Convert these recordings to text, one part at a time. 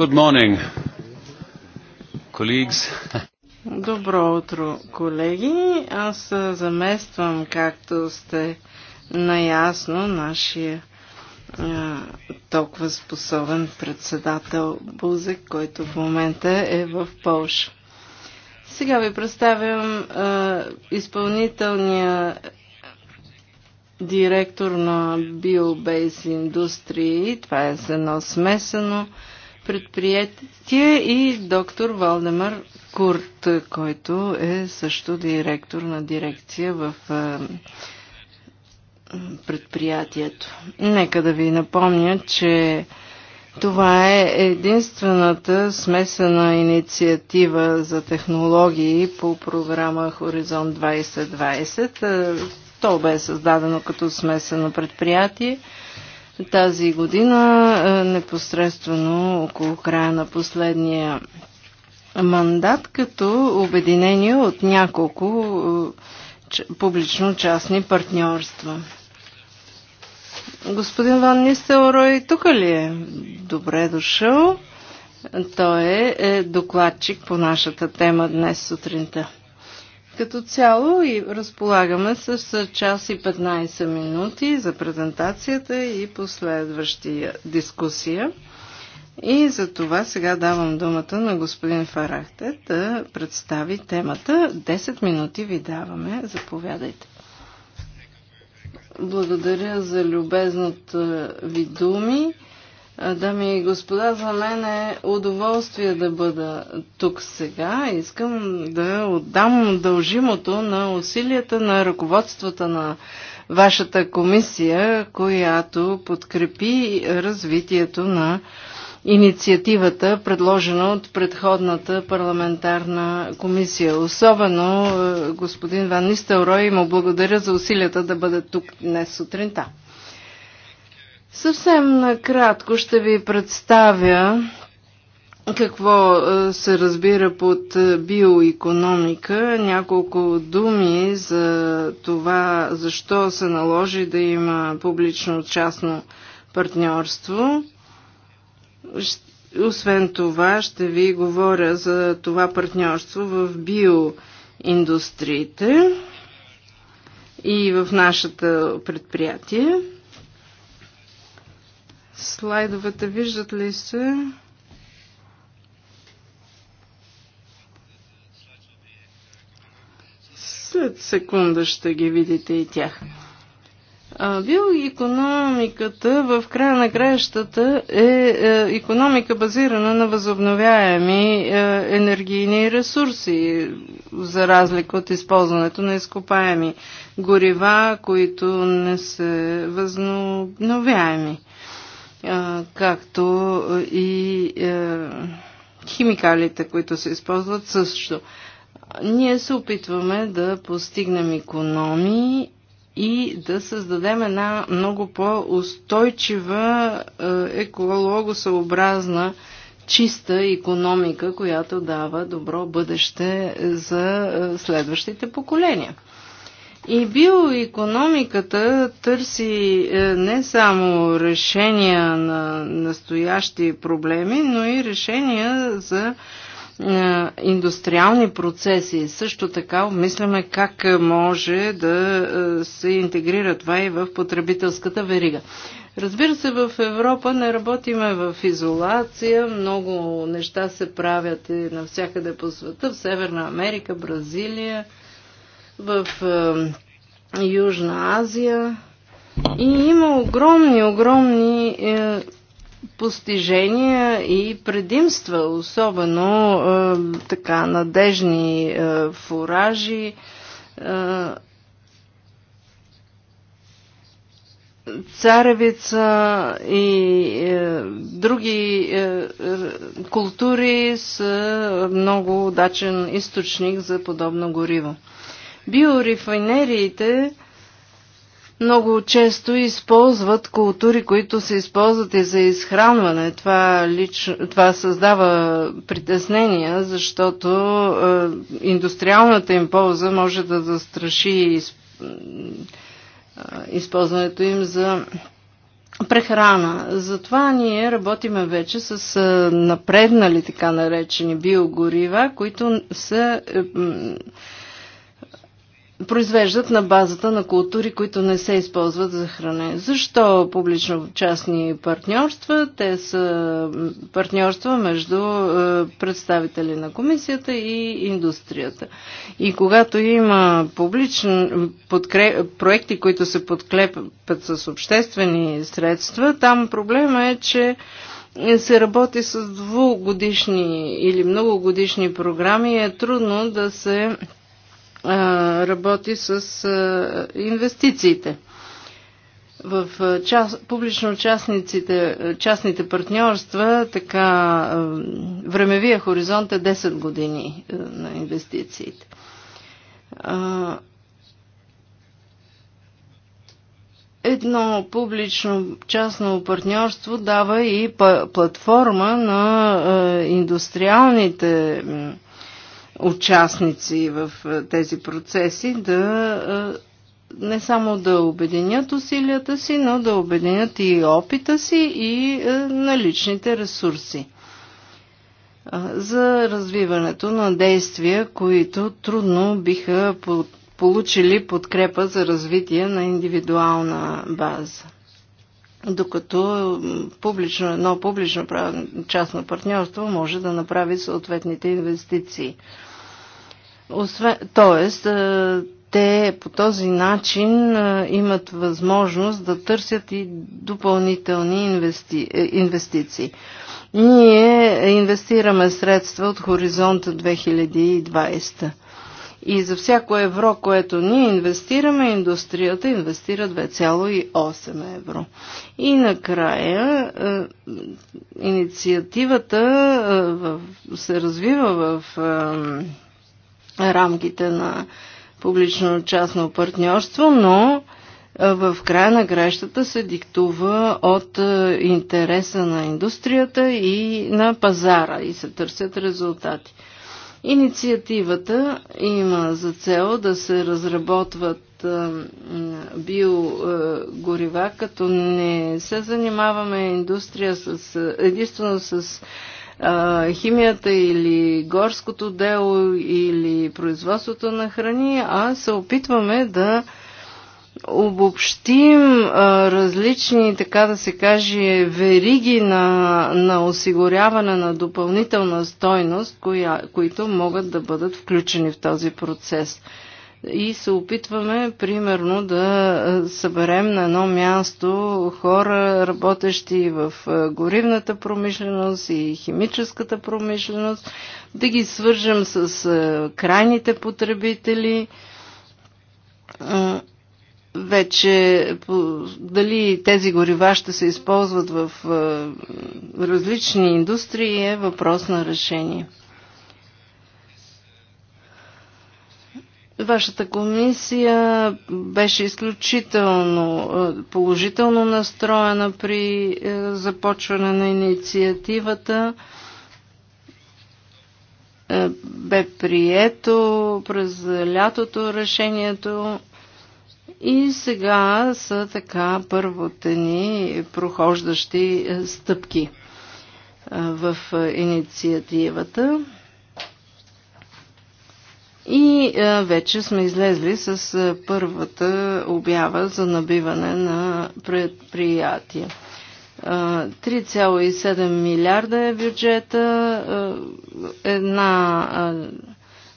Good morning, colleagues. Добро утро, колеги. Аз замествам, както сте наясно, нашия толкова способен председател Бузек, който в момента е в Полша. Сега ви представям а, изпълнителния директор на BioBase Industry. Това е едно смесено предприятие и доктор Валдемар Курт, който е също директор на дирекция в предприятието. Нека да ви напомня, че това е единствената смесена инициатива за технологии по програма Хоризонт 2020. То бе създадено като смесено предприятие тази година, е, непосредствено около края на последния мандат, като обединение от няколко е, публично-частни партньорства. Господин Ван Нистелрой, тук ли е? Добре дошъл. Той е, е докладчик по нашата тема днес сутринта. Като цяло и разполагаме с час и 15 минути за презентацията и последващия дискусия. И за това сега давам думата на господин Фарахте да представи темата. 10 минути ви даваме. Заповядайте. Благодаря за любезната ви думи. Дами и господа, за мен е удоволствие да бъда тук сега. Искам да отдам дължимото на усилията на ръководствата на вашата комисия, която подкрепи развитието на инициативата, предложена от предходната парламентарна комисия. Особено е, господин Ван Нистелрой му благодаря за усилията да бъде тук днес сутринта. Съвсем накратко ще ви представя какво е, се разбира под е, биоекономика. Няколко думи за това, защо се наложи да има публично-частно партньорство. Освен това, ще ви говоря за това партньорство в биоиндустриите и в нашата предприятие. Слайдовете виждат ли се? След секунда ще ги видите и тях. Биоекономиката в края на краищата е економика базирана на възобновяеми е, енергийни ресурси, за разлика от използването на изкопаеми горива, които не са възобновяеми както и е, химикалите, които се използват също. Ние се опитваме да постигнем економии и да създадем една много по-устойчива, е, екологосъобразна, чиста економика, която дава добро бъдеще за е, следващите поколения. И биоекономиката търси е, не само решения на настоящи проблеми, но и решения за е, индустриални процеси. Също така обмисляме как може да е, се интегрира това и в потребителската верига. Разбира се, в Европа не работиме в изолация, много неща се правят и навсякъде по света, в Северна Америка, Бразилия – в е, Южна Азия. И има огромни, огромни е, постижения и предимства, особено е, така надежни е, фуражи. Е, царевица и е, други е, култури са много удачен източник за подобно гориво. Биорифайнериите много често използват култури, които се използват и за изхранване. Това, лично, това създава притеснения, защото е, индустриалната им полза може да застраши из, е, използването им за прехрана. Затова ние работиме вече с е, напреднали така наречени биогорива, които са. Е, произвеждат на базата на култури, които не се използват за хране. Защо публично-частни партньорства? Те са партньорства между е, представители на комисията и индустрията. И когато има публични подкре... проекти, които се подкрепят с обществени средства, там проблема е, че се работи с двугодишни или многогодишни програми е трудно да се работи с инвестициите. В част, публично-частните частните партньорства така времевия хоризонт е 10 години на инвестициите. Едно публично-частно партньорство дава и платформа на индустриалните участници в е, тези процеси да е, не само да обединят усилията си, но да обединят и опита си и е, наличните ресурси за развиването на действия, които трудно биха получили подкрепа за развитие на индивидуална база. Докато публично, едно публично частно партньорство може да направи съответните инвестиции. Освен, тоест, те по този начин имат възможност да търсят и допълнителни инвести... Е, инвестиции. Ние инвестираме средства от хоризонта 2020. И за всяко евро, което ние инвестираме, индустрията инвестира 2,8 евро. И накрая е, инициативата е, се развива в рамките на публично-частно партньорство, но в края на грещата се диктува от интереса на индустрията и на пазара и се търсят резултати. Инициативата има за цел да се разработват биогорива, като не се занимаваме индустрия с, единствено с а, химията или горското дело или производството на храни, а се опитваме да обобщим а, различни, така да се каже, вериги на, на осигуряване на допълнителна стойност, коя, които могат да бъдат включени в този процес и се опитваме, примерно, да съберем на едно място хора, работещи в горивната промишленост и химическата промишленост, да ги свържем с крайните потребители. Вече дали тези горива ще се използват в различни индустрии е въпрос на решение. Вашата комисия беше изключително е, положително настроена при е, започване на инициативата. Е, бе прието през лятото решението и сега са така първите ни прохождащи стъпки в инициативата. И е, вече сме излезли с е, първата обява за набиване на предприятия. 3,7 е, милиарда е бюджета, една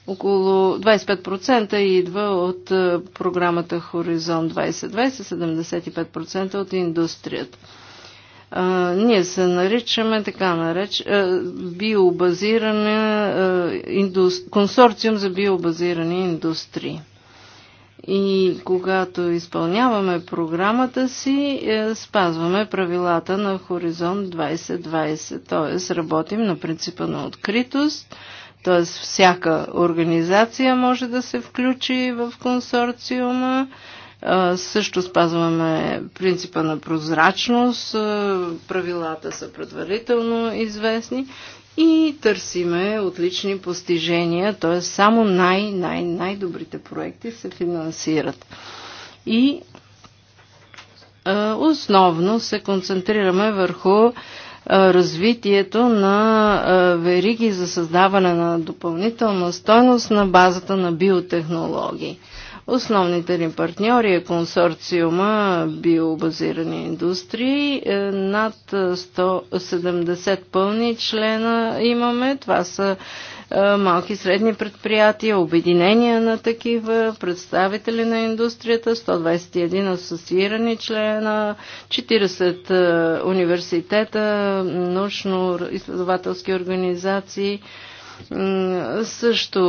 около 25% идва от програмата Хоризонт 2020, 75% от индустрията. А, ние се наричаме така нареч, а, биобазиране, а, индус, консорциум за биобазирани индустрии. И когато изпълняваме програмата си, е, спазваме правилата на Хоризонт 2020, т.е. работим на принципа на откритост, т.е. всяка организация може да се включи в консорциума, също спазваме принципа на прозрачност, правилата са предварително известни и търсиме отлични постижения, т.е. само най-най-най-добрите проекти се финансират. И основно се концентрираме върху развитието на вериги за създаване на допълнителна стойност на базата на биотехнологии. Основните ни партньори е консорциума биобазирани индустрии. Е, над 170 пълни члена имаме. Това са е, малки и средни предприятия, обединения на такива, представители на индустрията, 121 асоциирани члена, 40 е, университета, научно-изследователски организации, също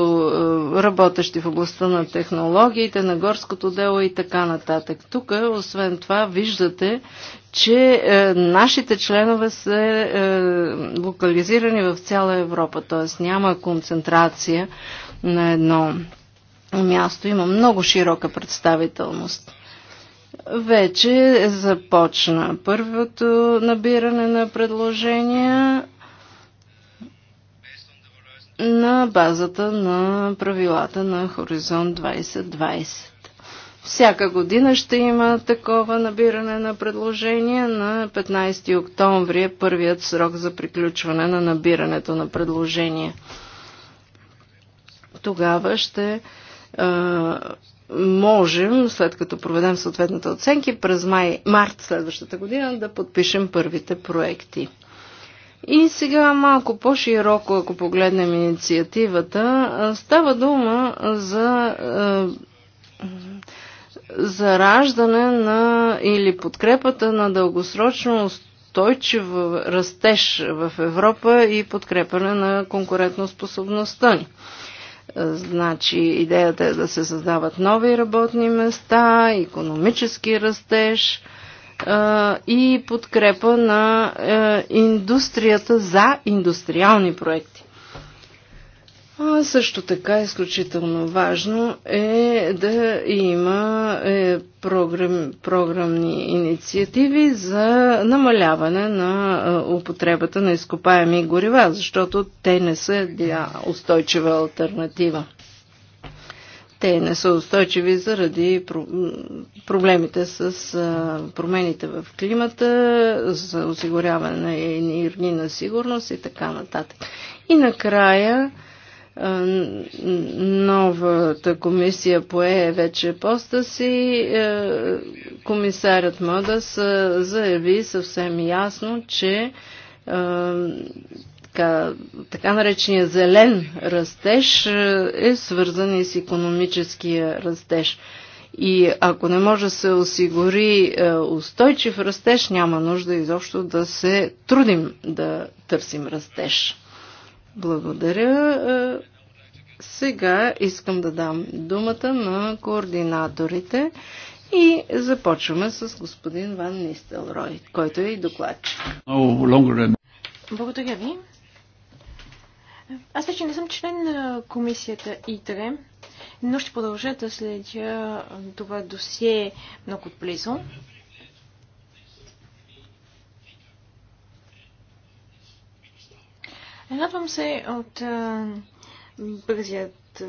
е, работещи в областта на технологиите, на горското дело и така нататък. Тук, освен това, виждате, че е, нашите членове са е, локализирани в цяла Европа, т.е. няма концентрация на едно място, има много широка представителност. Вече започна първото набиране на предложения на базата на правилата на Хоризонт 2020. Всяка година ще има такова набиране на предложения. На 15 октомври е първият срок за приключване на набирането на предложения. Тогава ще е, можем, след като проведем съответната оценки, през май, март следващата година да подпишем първите проекти. И сега малко по-широко, ако погледнем инициативата, става дума за зараждане на или подкрепата на дългосрочно устойчив растеж в Европа и подкрепане на конкурентоспособността ни. Значи идеята е да се създават нови работни места, економически растеж – и подкрепа на индустрията за индустриални проекти. А също така изключително важно е да има е, програм, програмни инициативи за намаляване на е, употребата на изкопаеми горива, защото те не са устойчива альтернатива те не са устойчиви заради проблемите с промените в климата, за осигуряване на енергийна сигурност и така нататък. И накрая новата комисия пое вече поста си. Комисарят Модас заяви съвсем ясно, че така, така наречения зелен растеж е, е свързан и с економическия растеж. И ако не може да се осигури е, устойчив растеж, няма нужда изобщо да се трудим да търсим растеж. Благодаря. Е, сега искам да дам думата на координаторите и започваме с господин Ван Нистелрой, който е и докладчик. Благодаря ви. Аз вече не съм член на комисията ИТРЕ, но ще продължа да следя това досие много близо. Радвам се от а, бързият,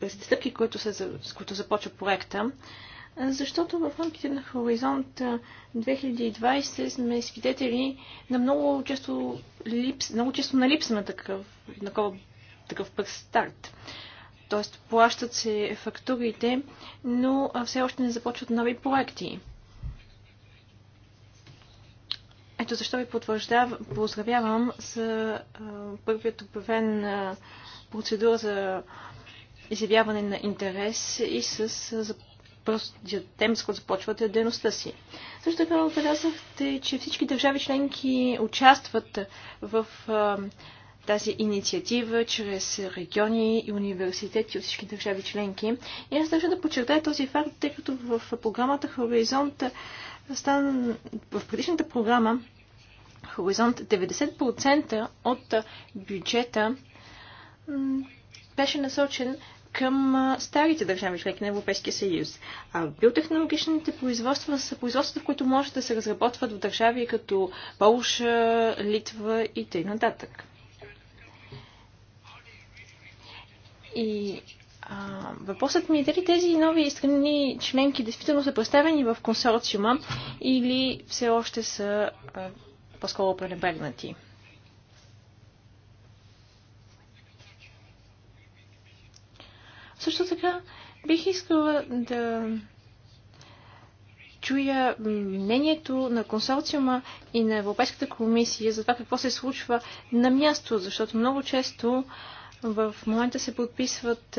бързите стъпки, които, с които започва проекта защото в рамките на Хоризонт 2020 сме свидетели на много често, липс, много често на липса на такъв, на такъв, такъв старт. Тоест, плащат се фактурите, но все още не започват нови проекти. Ето защо ви поздравявам с първият обявен процедура за изявяване на интерес и с за Просто тем, с който започвате дейността си. Също така отбелязахте, че всички държави членки участват в а, тази инициатива чрез региони и университети от всички държави членки. И аз държа да подчертая този факт, тъй като в програмата Хоризонт, стана в предишната програма Хоризонт 90% от бюджета беше насочен към старите държави, членки на Европейския съюз. А биотехнологичните производства са производства, които може да се разработват в държави като Полша, Литва и т.н. И а, въпросът ми е дали тези нови страни членки действително са представени в консорциума или все още са по-скоро пренебрегнати. Сега бих искала да чуя мнението на консорциума и на Европейската комисия за това какво се случва на място, защото много често в момента се подписват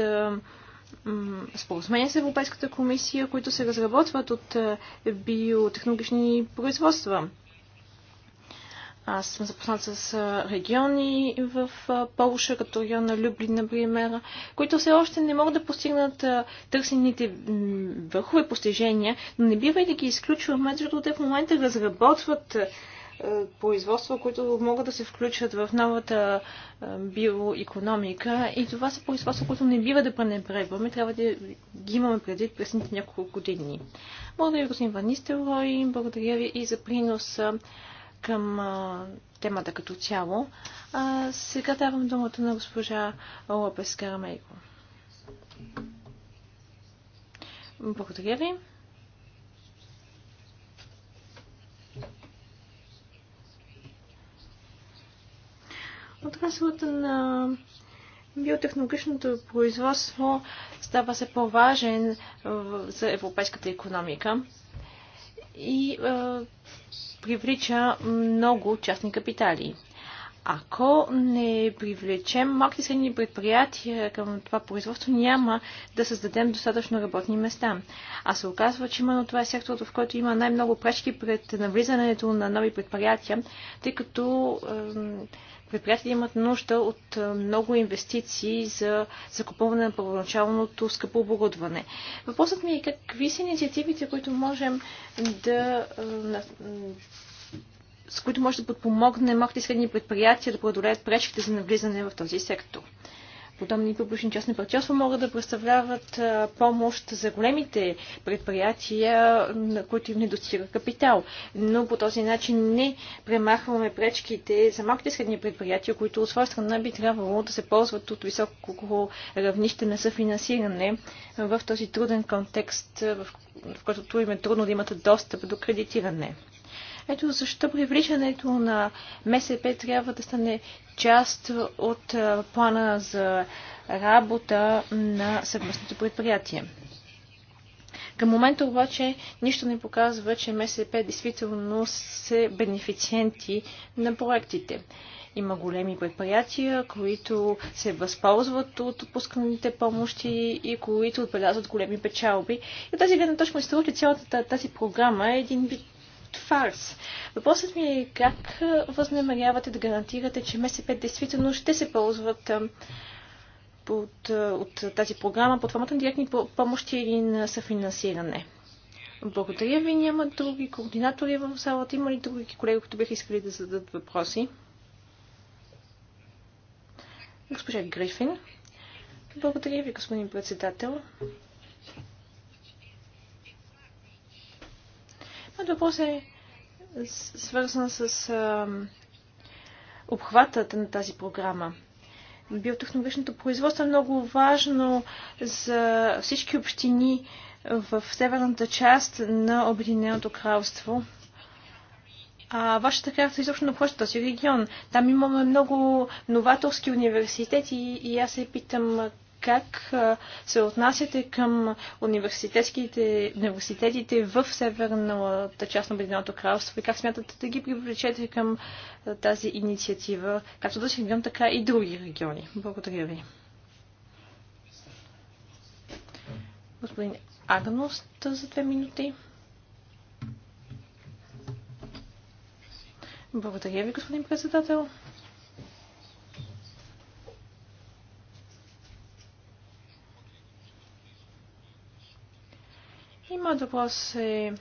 споразумения с Европейската комисия, които се разработват от биотехнологични производства. Аз съм запознат с региони в Полша, като регион на Люблин, например, които все още не могат да постигнат търсените върхове постижения, но не бива и да ги изключваме, защото те в момента разработват производства, които могат да се включат в новата биоекономика. И това са производства, които не бива да пренебрегваме. Трябва да ги имаме предвид през няколко години. Благодаря, господин Ванистелрой. Благодаря ви и за приноса към а, темата като цяло. А, сега давам думата на госпожа Лопес Карамейко. Благодаря ви. Отраслата на биотехнологичното производство става се по-важен за европейската економика. И привлича много частни капитали. Ако не привлечем малки и средни предприятия към това производство, няма да създадем достатъчно работни места. А се оказва, че именно това е секторът, в който има най-много пречки пред навлизането на нови предприятия, тъй като е, предприятията имат нужда от много инвестиции за закупуване на първоначалното скъпо оборудване. Въпросът ми е какви са инициативите, които можем да с които може да подпомогне малките и средни предприятия да преодолеят пречките за навлизане в този сектор подобни публични частни партньорства могат да представляват помощ за големите предприятия, на които им недостига капитал. Но по този начин не премахваме пречките за малките средни предприятия, които от своя страна би трябвало да се ползват от високо равнище на съфинансиране в този труден контекст, в който им е трудно да имат достъп до кредитиране. Ето защо привличането на МСП трябва да стане част от плана за работа на съвместното предприятие. Към момента обаче нищо не показва, че МСП действително са бенефициенти на проектите. Има големи предприятия, които се възползват от отпусканите помощи и които отбелязват големи печалби. И от тази гледна точка ми че цялата тази програма е един вид фарс. Въпросът ми е как възнамерявате да гарантирате, че МСП действително ще се ползват от, от тази програма под формата на директни помощи или на съфинансиране? Благодаря ви. Няма други координатори в залата. Има ли други колеги, които биха искали да зададат въпроси? Госпожа Грифин. Благодаря ви, господин председател. Единственият въпрос е свързан с а, обхватът на тази програма. Биотехнологичното производство е много важно за всички общини в северната част на Обединеното кралство. А вашата карта е изобщо обхваща този регион. Там имаме много новаторски университети и аз се питам как се отнасяте към университетските, университетите в северната част на Обединеното кралство и как смятате да ги привлечете към тази инициатива, както да регион, така и други региони. Благодаря ви. Господин Агност за две минути. Благодаря ви, господин председател. И моят въпрос е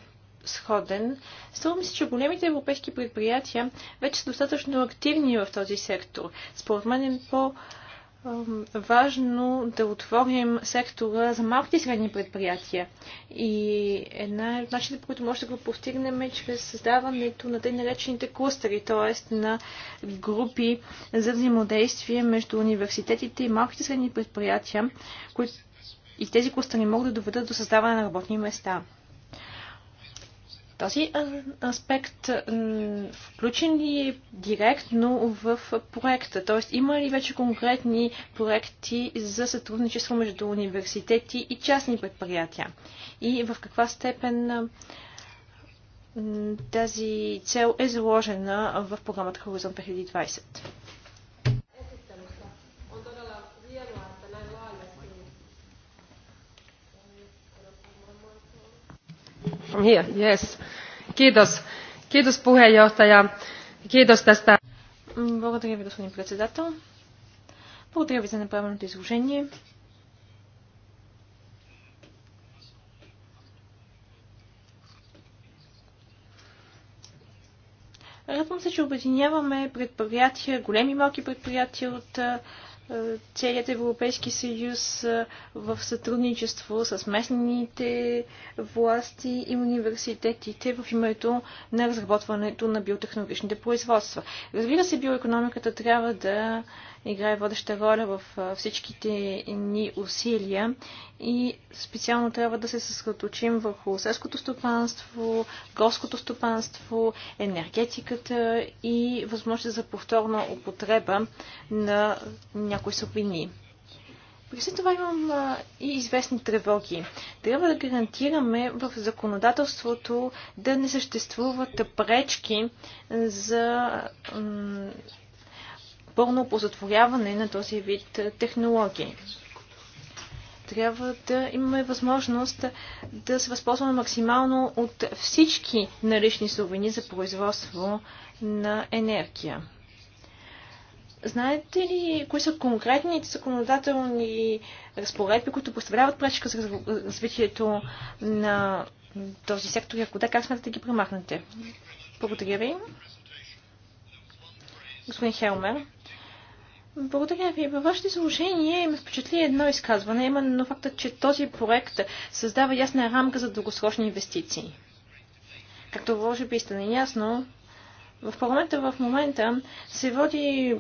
сходен. Струва ми се, че големите европейски предприятия вече са достатъчно активни в този сектор. Според мен е по- важно да отворим сектора за малките и средни предприятия. И една от начините, по които може да го постигнем е чрез създаването на тъй наречените клъстери, т.е. на групи за взаимодействие между университетите и малките и средни предприятия, които и тези клъстери могат да доведат до създаване на работни места. Този аспект включен ли е директно в проекта? Т.е. има ли вече конкретни проекти за сътрудничество между университети и частни предприятия? И в каква степен тази цел е заложена в програмата Хоризонт 2020? Благодаря ви, господин председател. Благодаря ви за направеното изложение. Радвам се, че обединяваме предприятия, големи и малки предприятия от е, целият Европейски съюз е, в сътрудничество с местните власти и университетите в името на разработването на биотехнологичните производства. Разбира се, биоекономиката трябва да играе водеща роля в всичките ни усилия и специално трябва да се съсредоточим върху селското стопанство, горското стопанство, енергетиката и възможност за повторна употреба на някои суровини. При след това имам а, и известни тревоги. Трябва да гарантираме в законодателството да не съществуват пречки за пълно позатворяване на този вид технологии. Трябва да имаме възможност да се възползваме максимално от всички налични суровини за производство на енергия. Знаете ли кои са конкретните законодателни разпоредби, които представляват пречка за развитието на този сектор и ако да, как смятате да ги премахнете? Благодаря ви. Господин Хелмер. Благодаря ви. Във вашето изложение ме впечатли едно изказване, именно факта, че този проект създава ясна рамка за дългосрочни инвестиции. Както може би сте неясно, в парламента в момента се води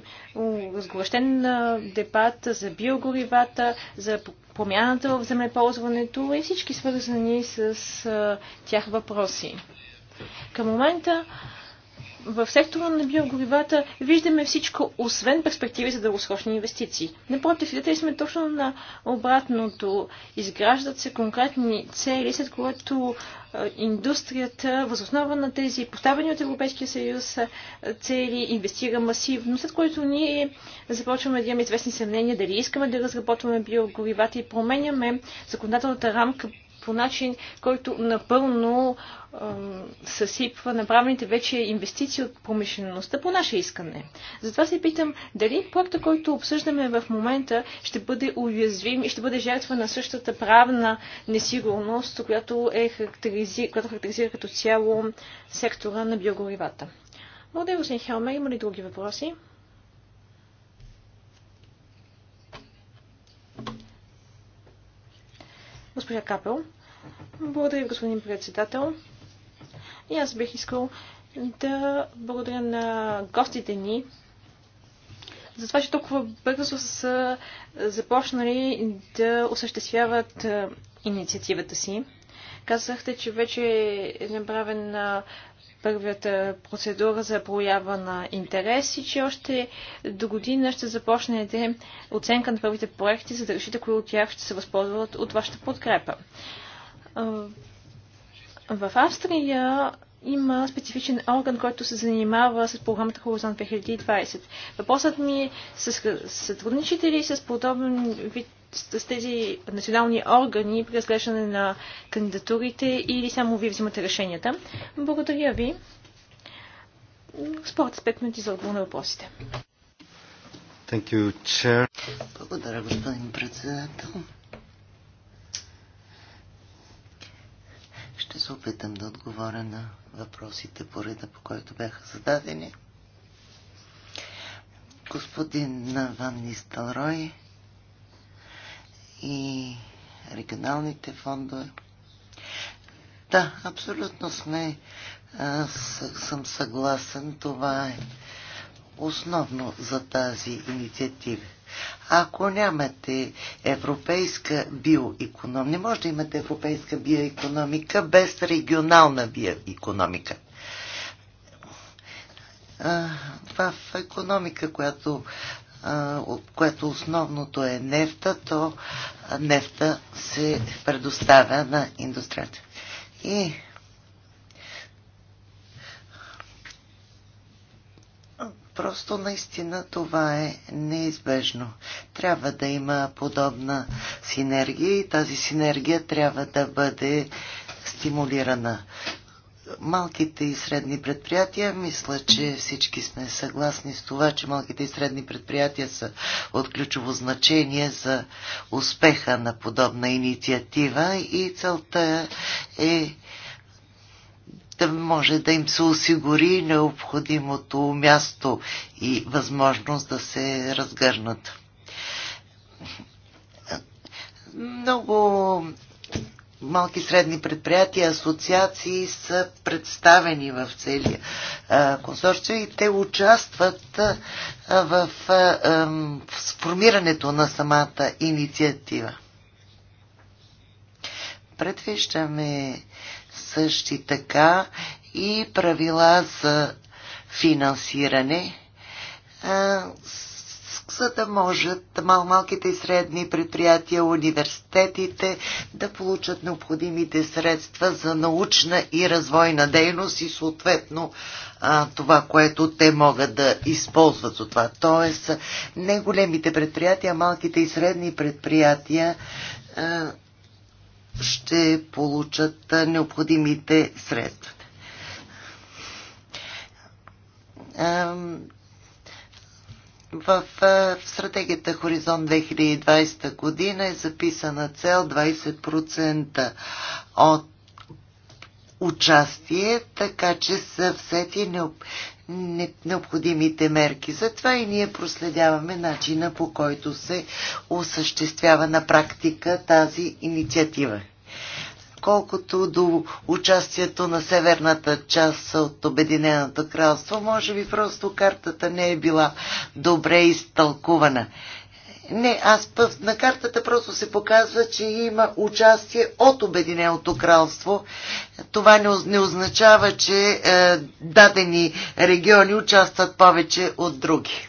разглащен дебат за биогоривата, за промяната в земеползването и всички свързани с тях въпроси. Към момента в сектора на биогоривата виждаме всичко, освен перспективи за дългосрочни инвестиции. Напротив, свидетели сме точно на обратното. Изграждат се конкретни цели, след което индустрията, възоснова на тези поставени от Европейския съюз цели, инвестира масивно, след което ние започваме да имаме известни съмнения дали искаме да разработваме биогоривата и променяме законодателната рамка по начин, който напълно съсипва направените вече инвестиции от промишлеността по наше искане. Затова се питам дали проекта, който обсъждаме в момента, ще бъде уязвим и ще бъде жертва на същата правна несигурност, която, е характеризира, която характеризира като цяло сектора на биогоривата. Благодаря, господин Хелме. Има ли други въпроси? Госпожа Капел. Благодаря господин председател. И аз бих искал да благодаря на гостите ни за това, че толкова бързо са започнали да осъществяват инициативата си. Казахте, че вече е направен първата процедура за проява на интерес и че още до година ще започнете оценка на първите проекти, за да решите кои от тях ще се възползват от вашата подкрепа. В Австрия има специфичен орган, който се занимава с програмата Хоризонт 2020. Въпросът ми е, сътрудничите ли с подобен вид с тези национални органи при разглеждане на кандидатурите или само вие взимате решенията? Благодаря ви. Според с 5 минути за отговор на въпросите. Thank you, chair. Благодаря, господин председател. Ще се опитам да отговоря на въпросите по реда, по който бяха зададени. Господин Ван Нисталрой и регионалните фондове. Да, абсолютно сме. Аз съм съгласен. Това е основно за тази инициатива. Ако нямате европейска биоекономика, не може да имате европейска биоекономика без регионална биоекономика. Това в економика, която което основното е нефта, то нефта се предоставя на индустрията. И Просто наистина това е неизбежно. Трябва да има подобна синергия и тази синергия трябва да бъде стимулирана малките и средни предприятия, мисля, че всички сме съгласни с това, че малките и средни предприятия са от ключово значение за успеха на подобна инициатива и целта е да може да им се осигури необходимото място и възможност да се разгърнат. Много малки и средни предприятия, асоциации са представени в целия консорциум и те участват в сформирането на самата инициатива. Предвиждаме също така и правила за финансиране, за да можат мал малките и средни предприятия, университетите да получат необходимите средства за научна и развойна дейност и съответно а, това, което те могат да използват от това. Тоест, не големите предприятия, а малките и средни предприятия а, ще получат а, необходимите средства в, в стратегията Хоризонт 2020 година е записана цел 20% от участие, така че са взети необ... не... необходимите мерки. Затова и ние проследяваме начина по който се осъществява на практика тази инициатива. Колкото до участието на северната част от Обединеното кралство, може би просто картата не е била добре изтълкувана. Не, аз пъв, на картата просто се показва, че има участие от Обединеното кралство. Това не, не означава, че е, дадени региони участват повече от други.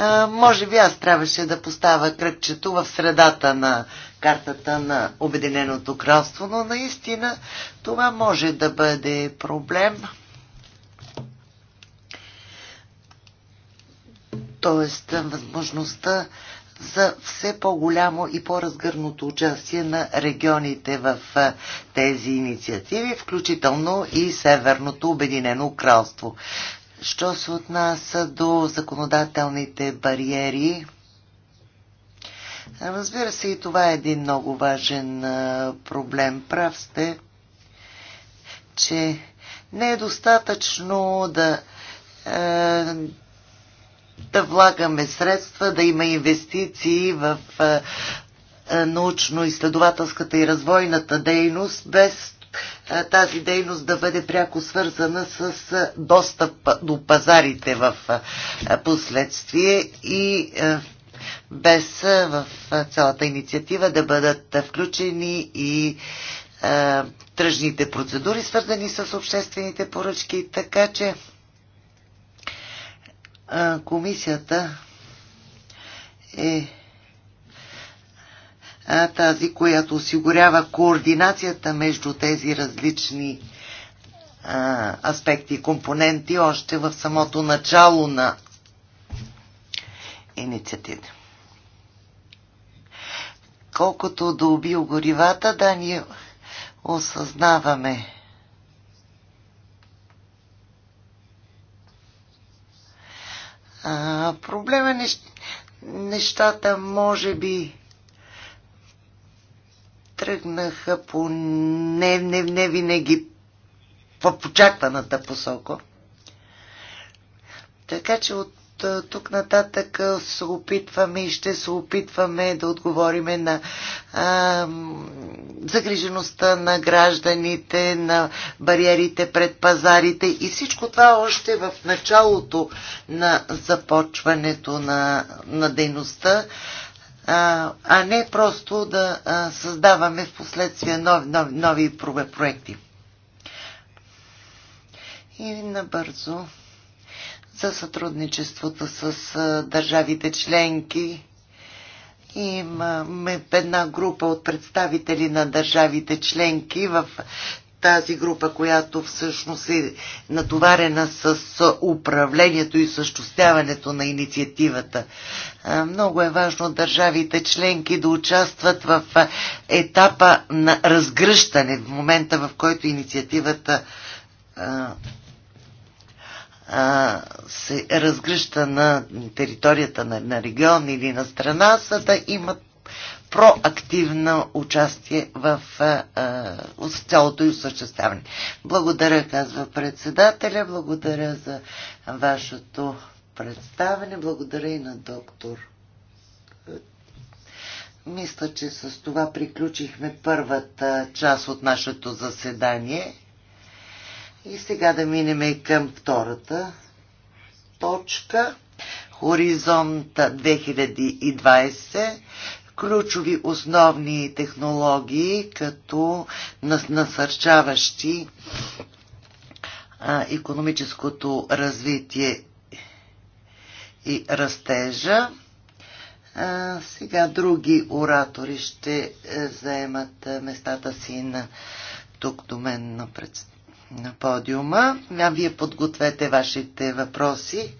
Е, може би аз трябваше да поставя кръгчето в средата на картата на Обединеното кралство, но наистина това може да бъде проблем. Тоест, възможността за все по-голямо и по-разгърнато участие на регионите в тези инициативи, включително и Северното Обединено кралство. Що се отнася до законодателните бариери, Разбира се, и това е един много важен проблем. Прав сте, че не е достатъчно да, да влагаме средства, да има инвестиции в научно-изследователската и развойната дейност, без тази дейност да бъде пряко свързана с достъп до пазарите в последствие и без в цялата инициатива да бъдат включени и е, тръжните процедури, свързани с обществените поръчки. Така че е, комисията е е тази, която осигурява координацията между тези различни е, аспекти и компоненти още в самото начало на инициативите. Колкото да убил горивата, да ни осъзнаваме. А, проблема е нещата, може би, тръгнаха по не, не, не винаги в очакваната посока. Така че от тук нататък се опитваме и ще се опитваме да отговориме на а, загрижеността на гражданите, на бариерите пред пазарите и всичко това още в началото на започването на, на дейността а не просто да създаваме в последствие нови, нови, нови проекти. И набързо за сътрудничеството с държавите членки. Имаме една група от представители на държавите членки в тази група, която всъщност е натоварена с управлението и съществяването на инициативата. Много е важно държавите членки да участват в етапа на разгръщане в момента, в който инициативата а, се разгръща на територията на, на регион или на страна, за да имат проактивно участие в а, а, цялото и осъществяване. Благодаря, казва председателя, благодаря за вашето представене, благодаря и на доктор. Мисля, че с това приключихме първата част от нашето заседание. И сега да минем към втората точка. Хоризонта 2020 ключови основни технологии като насърчаващи економическото развитие и растежа. А, сега други оратори ще е, заемат е, местата си на тук до мен на представление на подиума. А вие подгответе вашите въпроси.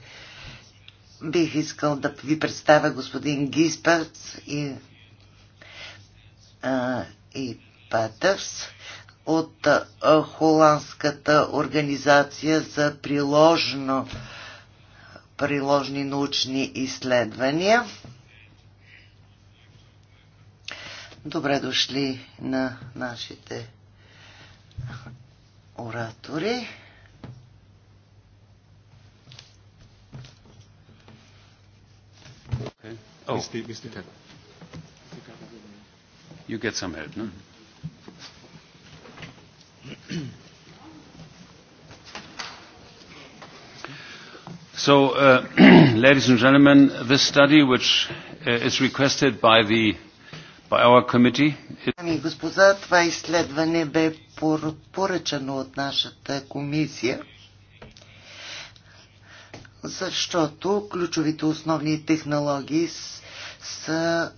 Бих искал да ви представя господин Гиспарц и, а, и Патърс от а, Холандската организация за приложно, приложни научни изследвания. Добре дошли на нашите оратори. Okay. Oh. You get some help, no? So, uh, ladies and gentlemen, this study, which uh, is requested by the by our committee. Is... Господа, това изследване бе поръчано от нашата комисия, защото ключовите основни технологии са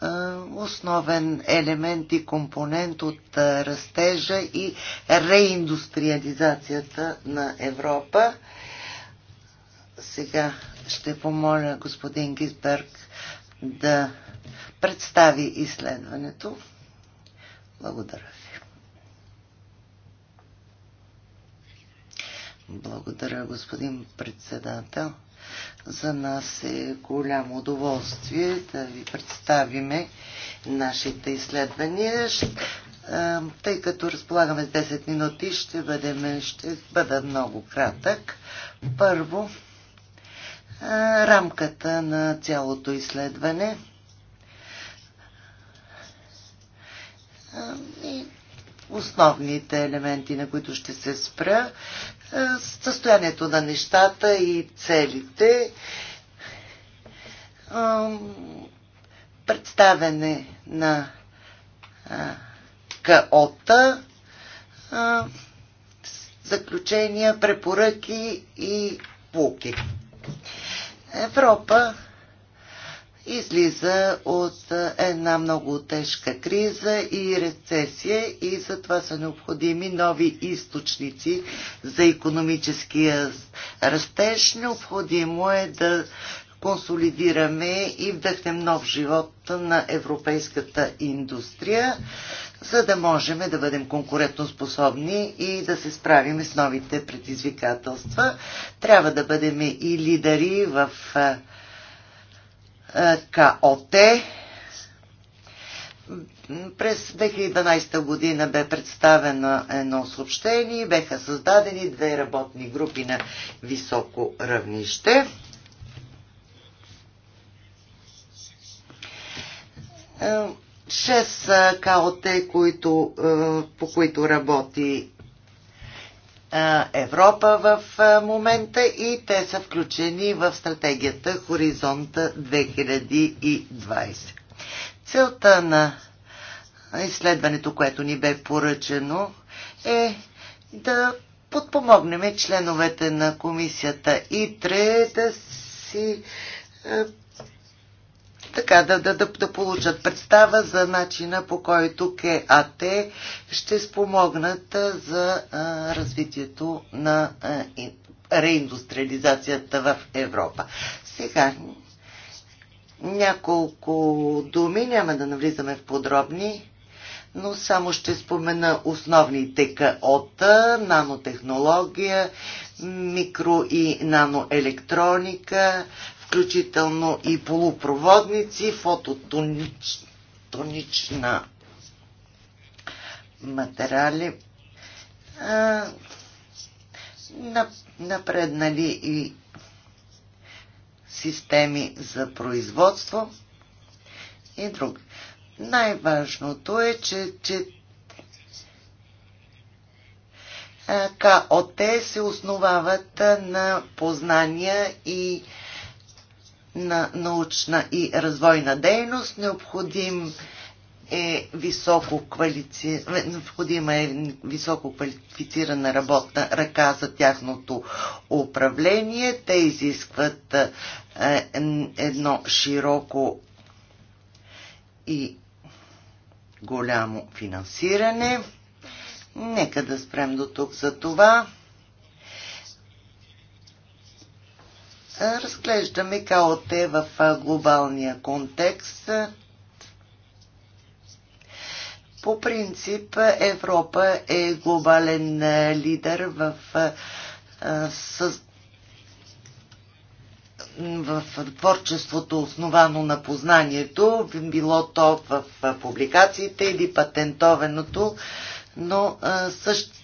основен елемент и компонент от растежа и реиндустриализацията на Европа. Сега ще помоля господин Гисберг да представи изследването. Благодаря ви. Благодаря, господин председател. За нас е голямо удоволствие да ви представиме нашите изследвания. Тъй като разполагаме с 10 минути, ще, бъдем, ще бъда много кратък. Първо, рамката на цялото изследване. И основните елементи, на които ще се спра. Е, състоянието на нещата и целите, представене на КОТА, заключения, препоръки и пуки. Европа излиза от е, една много тежка криза и рецесия и за това са необходими нови източници за економическия растеж. Необходимо е да консолидираме и вдъхнем нов живот на европейската индустрия, за да можем да бъдем конкурентоспособни и да се справим с новите предизвикателства. Трябва да бъдем и лидери в е, е, КОТ. През 2012 година бе представено едно съобщение, беха създадени две работни групи на високо равнище. Е, шест КОТ, които, е, по които работи Европа в момента и те са включени в стратегията Хоризонта 2020. Целта на изследването, което ни бе поръчено, е да подпомогнем членовете на комисията ИТРЕ да си така да, да, да, да получат представа за начина по който КАТ ще спомогнат за а, развитието на а, и, реиндустриализацията в Европа. Сега няколко думи, няма да навлизаме в подробни, но само ще спомена основните от нанотехнология, микро и наноелектроника, включително и полупроводници, фототонична материали, напреднали и системи за производство и друг. Най-важното е, че, че КОТ се основават на познания и на научна и развойна дейност. Необходим е високо квалици... необходима е високо квалифицирана работна ръка за тяхното управление. Те изискват е, едно широко и голямо финансиране. Нека да спрем до тук за това. разглеждаме КОТ в глобалния контекст. По принцип Европа е глобален лидер в, в творчеството, основано на познанието, било то в публикациите или патентовеното, но също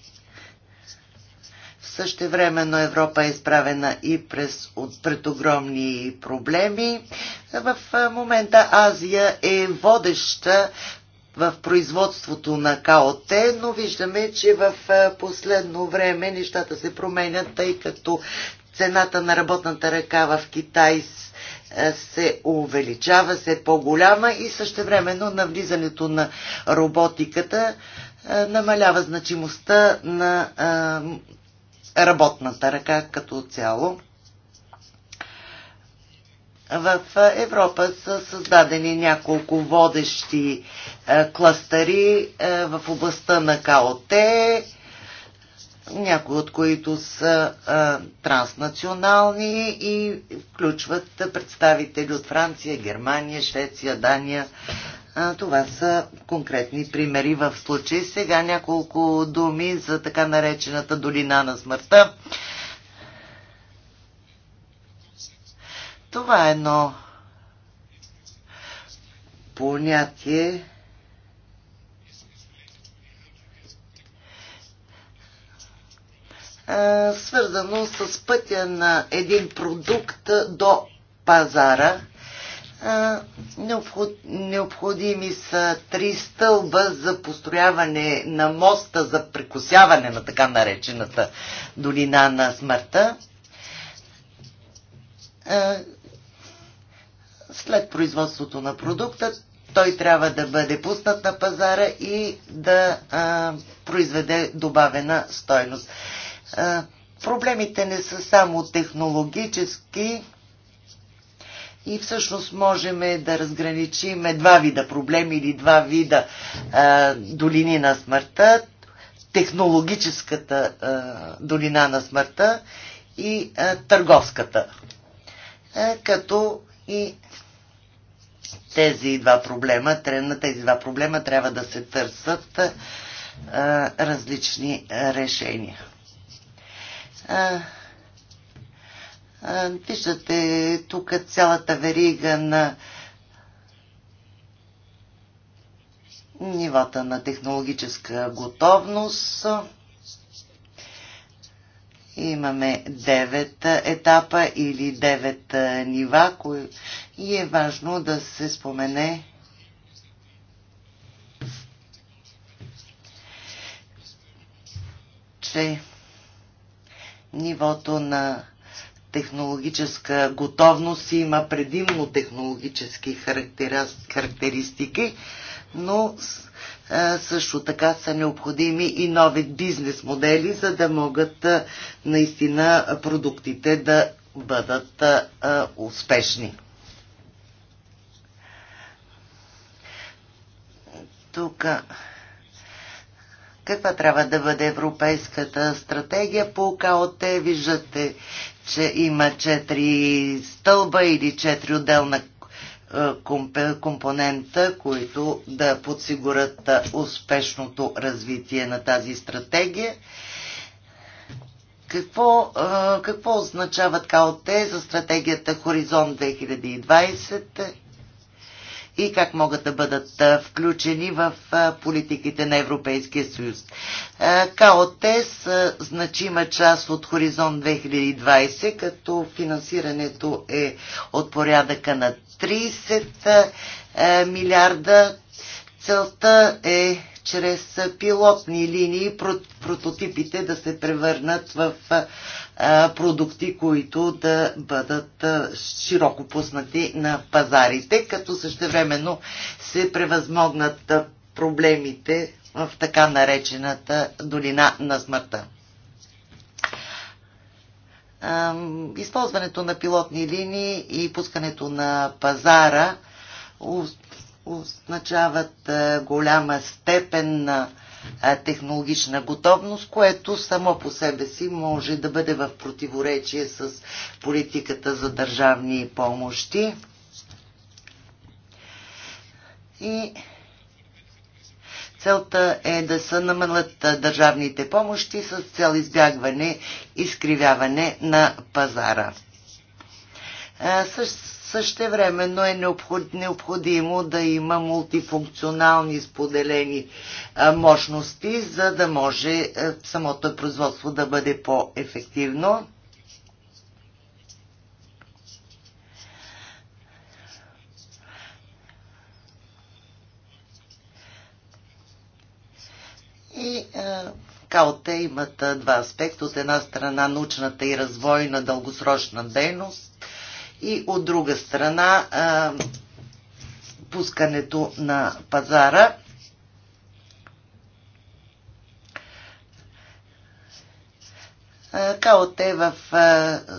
Същевременно Европа е изправена и през, от, пред огромни проблеми. В момента Азия е водеща в производството на КОТ, но виждаме, че в последно време нещата се променят, тъй като цената на работната ръка в Китай се увеличава, се е по-голяма и същевременно навлизането на роботиката намалява значимостта на работната ръка като цяло. В Европа са създадени няколко водещи е, кластъри е, в областта на КОТ, някои от които са е, транснационални и включват представители от Франция, Германия, Швеция, Дания, това са конкретни примери в случай. Сега няколко думи за така наречената долина на смъртта. Това е едно понятие, свързано с пътя на един продукт до пазара – необходими са три стълба за построяване на моста за прекусяване на така наречената долина на смъртта. След производството на продукта той трябва да бъде пуснат на пазара и да произведе добавена стойност. проблемите не са само технологически, и всъщност можем да разграничим два вида проблеми или два вида а, долини на смъртта, технологическата а, долина на смъртта и а, търговската. А, като и тези два проблема, на тези два проблема трябва да се търсят а, различни решения. А, Виждате тук цялата верига на нивата на технологическа готовност. Имаме 9 етапа или 9 нива, кои... и е важно да се спомене че нивото на технологическа готовност и има предимно технологически характеристики, но също така са необходими и нови бизнес модели, за да могат наистина продуктите да бъдат успешни. Тук каква трябва да бъде европейската стратегия по КОТ? Виждате че има четири стълба или четири отделна е, компонента, които да подсигурят е, успешното развитие на тази стратегия. Какво, е, какво означава КОТ за стратегията Хоризонт 2020? и как могат да бъдат включени в политиките на Европейския съюз. КОТЕ са значима част от Хоризонт 2020, като финансирането е от порядъка на 30 милиарда. Целта е чрез пилотни линии прототипите да се превърнат в продукти, които да бъдат широко пуснати на пазарите, като същевременно се превъзмогнат проблемите в така наречената долина на смъртта. Използването на пилотни линии и пускането на пазара означават е, голяма степен на е, технологична готовност, което само по себе си може да бъде в противоречие с политиката за държавни помощи. И целта е да се намалят е, държавните помощи с цел избягване и изкривяване на пазара. Също Същевременно е необходимо да има мултифункционални споделени мощности, за да може самото производство да бъде по-ефективно. И КАОТ имат два аспекта. От една страна научната и развойна дългосрочна дейност и от друга страна пускането на пазара. КОТ е в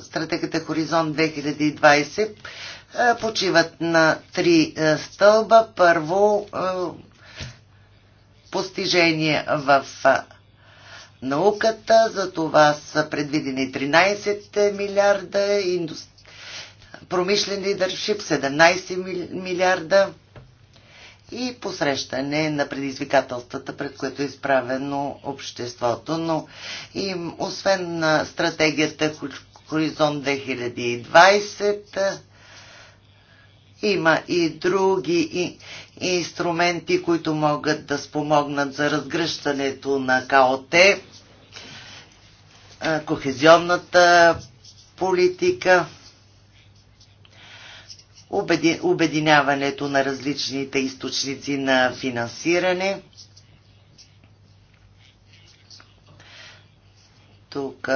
стратегията Хоризонт 2020 почиват на три стълба. Първо, постижение в науката, за това са предвидени 13 милиарда, индустрия промишлен лидършип 17 милиарда и посрещане на предизвикателствата, пред което е изправено обществото. Но и освен на стратегията Хоризонт 2020, има и други и, и инструменти, които могат да спомогнат за разгръщането на КОТ, кохезионната политика обединяването на различните източници на финансиране. Тук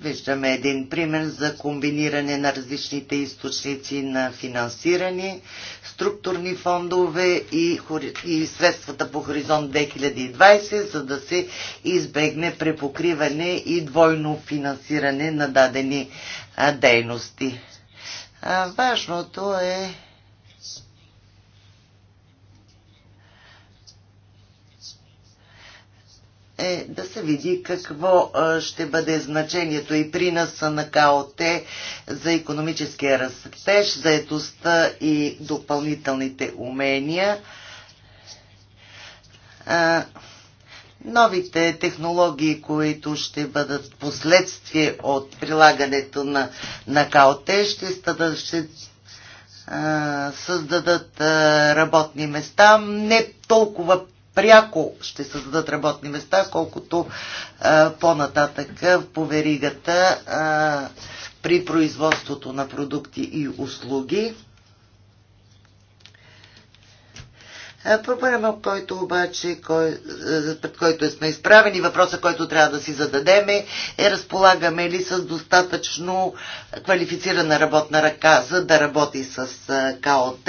Виждаме един пример за комбиниране на различните източници на финансиране, структурни фондове и, и средствата по Хоризонт 2020, за да се избегне препокриване и двойно финансиране на дадени дейности. Важното е е да се види какво ще бъде значението и принаса на КОТ за економическия растеж, заедостта и допълнителните умения. Новите технологии, които ще бъдат последствие от прилагането на, на КОТ, ще, стадат, ще създадат работни места, не толкова пряко ще създадат работни места, колкото по-нататък по веригата при производството на продукти и услуги. Проблема, който обаче, кой, пред който сме изправени, въпроса, който трябва да си зададеме, е разполагаме ли с достатъчно квалифицирана работна ръка, за да работи с КОТ.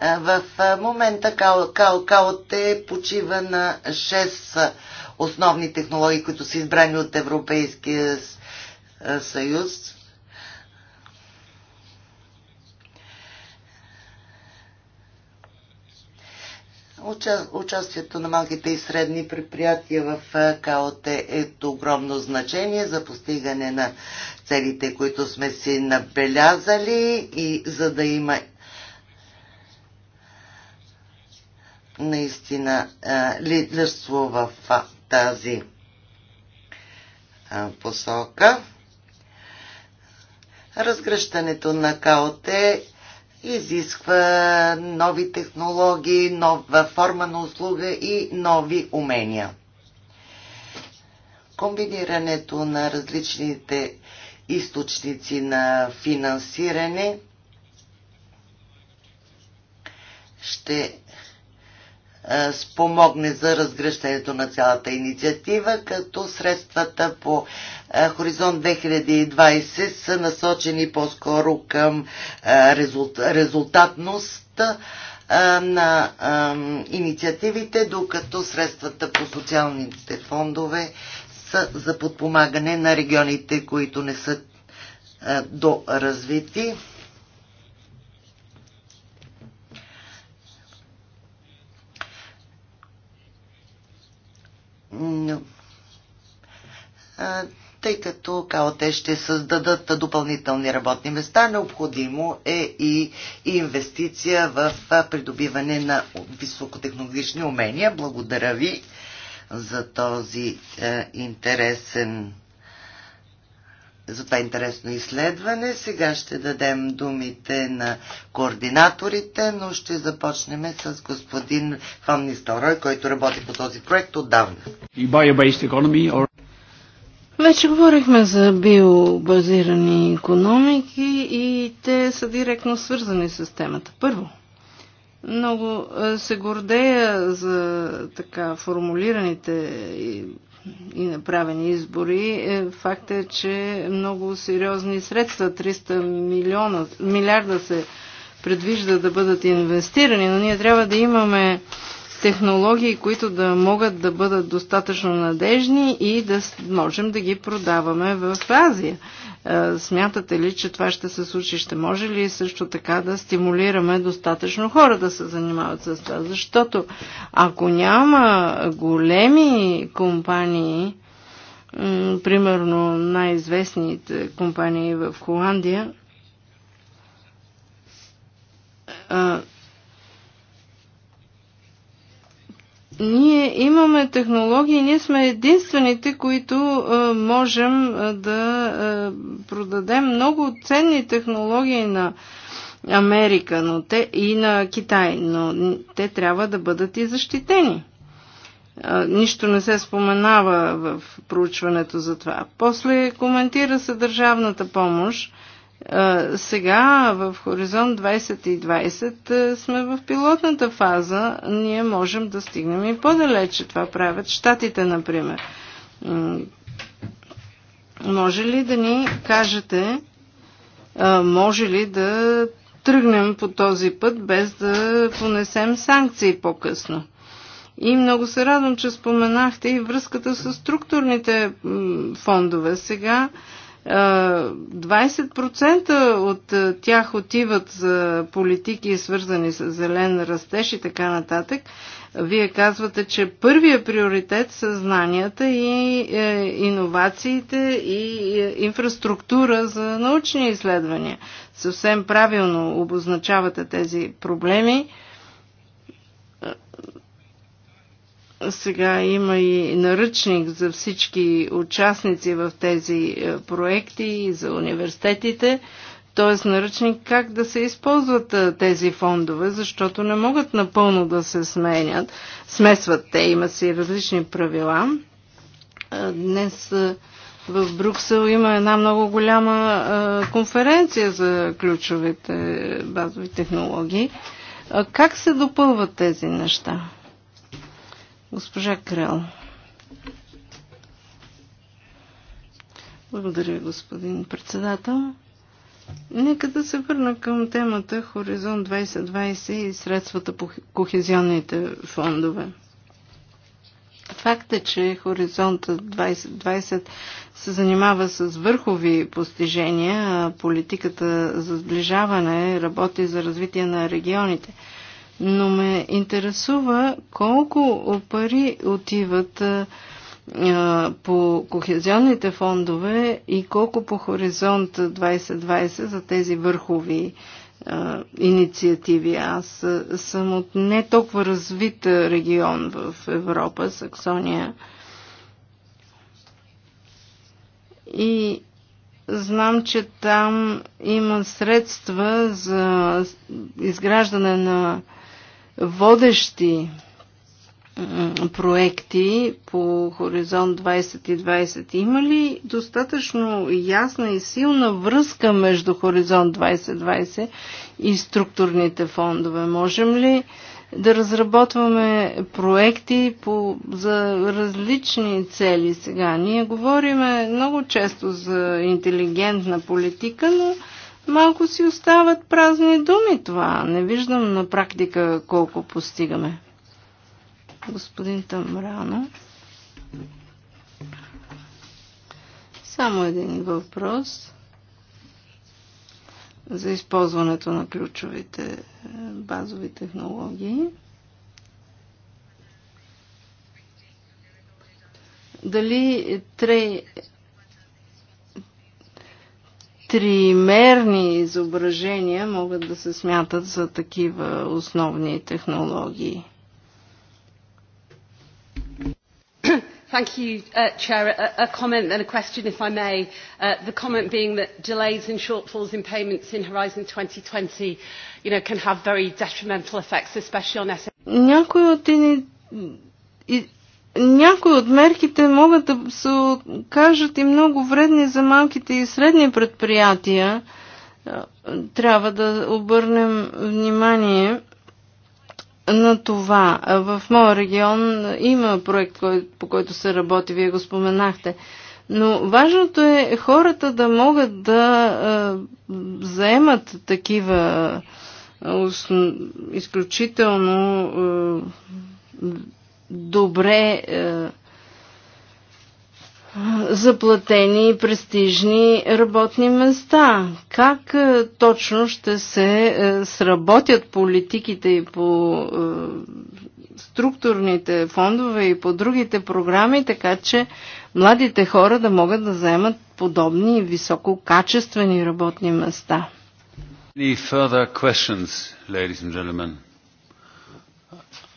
В момента као, каоте почива на 6 основни технологии, които са избрани от Европейския съюз. Участието на малките и средни предприятия в КАОТ е, е от огромно значение за постигане на целите, които сме си набелязали и за да има наистина лидерство в тази посока. Разгръщането на каоте изисква нови технологии, нова форма на услуга и нови умения. Комбинирането на различните източници на финансиране ще е, спомогне за разгръщането на цялата инициатива, като средствата по е, Хоризонт 2020 са насочени по-скоро към е, резултатност на инициативите, докато средствата по социалните фондове са за подпомагане на регионите, които не са доразвити. тъй като као те ще създадат допълнителни работни места, необходимо е и инвестиция в придобиване на високотехнологични умения. Благодаря ви за този е, интересен за това е интересно изследване. Сега ще дадем думите на координаторите, но ще започнем с господин Фан Нисторой, който работи по този проект отдавна. Вече говорихме за биобазирани економики и те са директно свързани с темата. Първо, много е, се гордея за така формулираните и направени избори. Е, факт е, че много сериозни средства, 300 милиона, милиарда се предвижда да бъдат инвестирани, но ние трябва да имаме технологии, които да могат да бъдат достатъчно надежни и да можем да ги продаваме в Азия. Е, смятате ли, че това ще се случи? Ще може ли също така да стимулираме достатъчно хора да се занимават с това? Защото ако няма големи компании, примерно най-известните компании в Холандия, е, ние имаме технологии, ние сме единствените, които можем да продадем много ценни технологии на Америка но те, и на Китай, но те трябва да бъдат и защитени. Нищо не се споменава в проучването за това. После коментира се държавната помощ. Сега в Хоризонт 2020 сме в пилотната фаза. Ние можем да стигнем и по-далече. Това правят щатите, например. Може ли да ни кажете, може ли да тръгнем по този път, без да понесем санкции по-късно? И много се радвам, че споменахте и връзката с структурните фондове. Сега 20% от тях отиват за политики, свързани с зелен растеж и така нататък. Вие казвате, че първия приоритет са знанията и е, иновациите и е, инфраструктура за научни изследвания. Съвсем правилно обозначавате тези проблеми. Сега има и наръчник за всички участници в тези е, проекти и за университетите, т.е. наръчник как да се използват е, тези фондове, защото не могат напълно да се сменят. Смесват те, има си различни правила. Е, днес в Брюксел има една много голяма конференция за ключовите базови технологии. Как се допълват тези неща? Госпожа Крел. Благодаря, господин председател. Нека да се върна към темата Хоризонт 2020 и средствата по кохезионните фондове. Факт е, че Хоризонт 2020 се занимава с върхови постижения, а политиката за сближаване работи за развитие на регионите – но ме интересува колко пари отиват по кохезионните фондове и колко по Хоризонт 2020 за тези върхови а, инициативи. Аз съм от не толкова развит регион в Европа, Саксония. И знам, че там има средства за изграждане на водещи проекти по Хоризонт 2020. Има ли достатъчно ясна и силна връзка между Хоризонт 2020 и структурните фондове? Можем ли да разработваме проекти по, за различни цели сега? Ние говориме много често за интелигентна политика, но малко си остават празни думи това. Не виждам на практика колко постигаме. Господин Тамрана. Само един въпрос за използването на ключовите е, базови технологии. Дали трей тримерни изображения могат да се смятат за такива основни технологии. Thank you, uh, Chair. A, a comment and a question, if I may. Uh, the comment being that delays and shortfalls in payments in Horizon 2020 you know, can have very detrimental effects, especially on SMEs. Някои от някои от мерките могат да се окажат и много вредни за малките и средни предприятия. Трябва да обърнем внимание на това. В моя регион има проект, по който се работи, вие го споменахте. Но важното е хората да могат да е, заемат такива изключително добре е, заплатени и престижни работни места. Как е, точно ще се е, сработят политиките и по структурните фондове и по другите програми, така че младите хора да могат да заемат подобни и висококачествени работни места? Any further questions, ladies and gentlemen?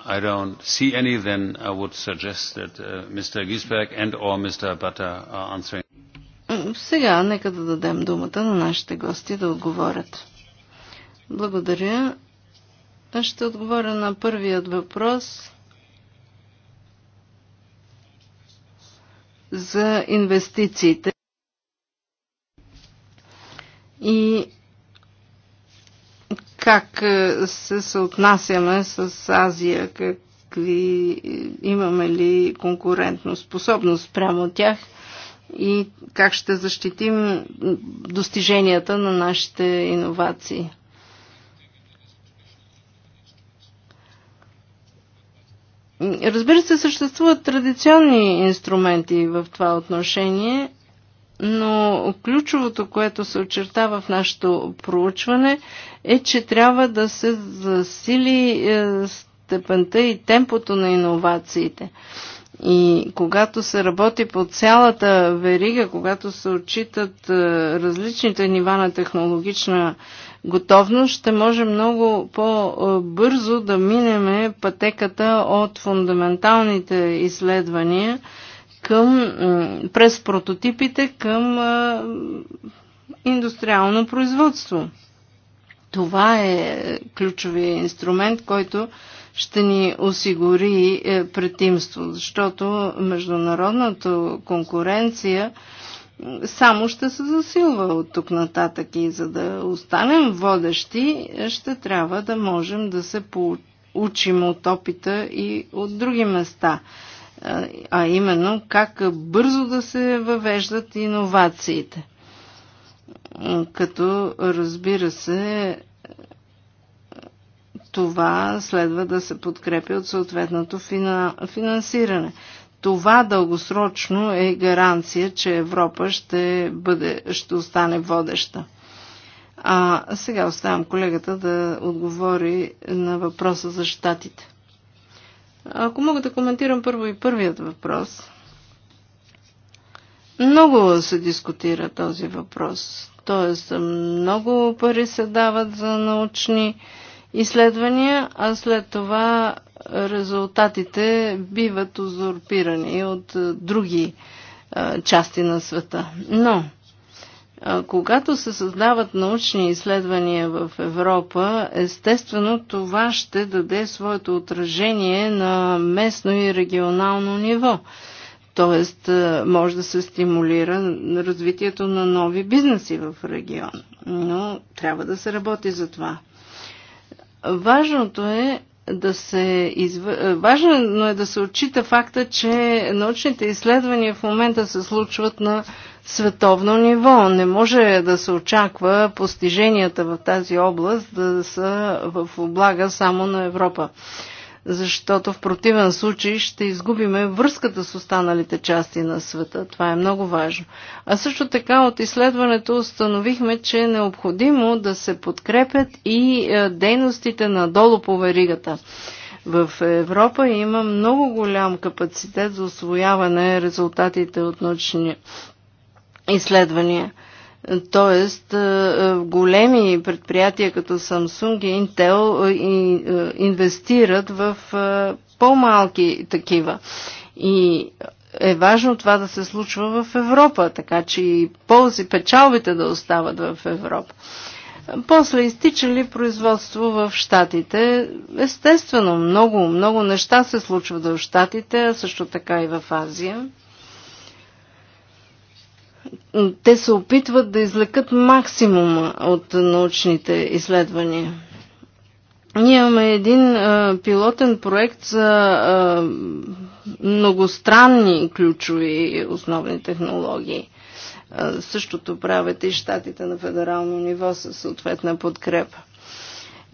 I don't see any, then I would suggest that uh, Mr. Giesberg and or Mr. Butter are answering. Сега нека да дадем думата на нашите гости да отговорят. Благодаря. Аз ще отговоря на първият въпрос за инвестициите и как е, се съотнасяме с Азия, какви е, имаме ли конкурентно способност прямо от тях и как ще защитим достиженията на нашите иновации. Разбира се, съществуват традиционни инструменти в това отношение, но ключовото, което се очертава в нашето проучване, е, че трябва да се засили е, степента и темпото на иновациите. И когато се работи по цялата верига, когато се отчитат е, различните нива на технологична готовност, ще може много по-бързо да минеме пътеката от фундаменталните изследвания – към, през прототипите към а, индустриално производство. Това е ключовия инструмент, който ще ни осигури е, предимство, защото международната конкуренция само ще се засилва от тук нататък и за да останем водещи, ще трябва да можем да се получим от опита и от други места – а именно как бързо да се въвеждат иновациите. Като разбира се, това следва да се подкрепи от съответното финансиране. Това дългосрочно е гаранция, че Европа ще, бъде, ще остане водеща. А сега оставям колегата да отговори на въпроса за щатите. Ако мога да коментирам първо и първият въпрос. Много се дискутира този въпрос. Тоест, много пари се дават за научни изследвания, а след това резултатите биват узурпирани от други части на света. Но когато се създават научни изследвания в Европа, естествено това ще даде своето отражение на местно и регионално ниво. Тоест, може да се стимулира развитието на нови бизнеси в региона. Но трябва да се работи за това. Важното е да се изв... Важно е да се отчита факта, че научните изследвания в момента се случват на световно ниво. Не може да се очаква постиженията в тази област да са в облага само на Европа. Защото в противен случай ще изгубиме връзката с останалите части на света. Това е много важно. А също така от изследването установихме, че е необходимо да се подкрепят и е, дейностите надолу по веригата. В Европа има много голям капацитет за освояване резултатите от научни изследвания. Тоест, е, е, големи предприятия като Samsung и Intel е, инвестират в по-малки такива. И е важно това да се случва в Европа, така че и ползи, печалбите да остават в Европа. После изтичали производство в Штатите. Естествено, много, много неща се случват в Штатите, а също така и в Азия те се опитват да излекат максимума от научните изследвания. Ние имаме един а, пилотен проект за а, многостранни ключови основни технологии. А, същото правят и щатите на федерално ниво със съответна подкрепа.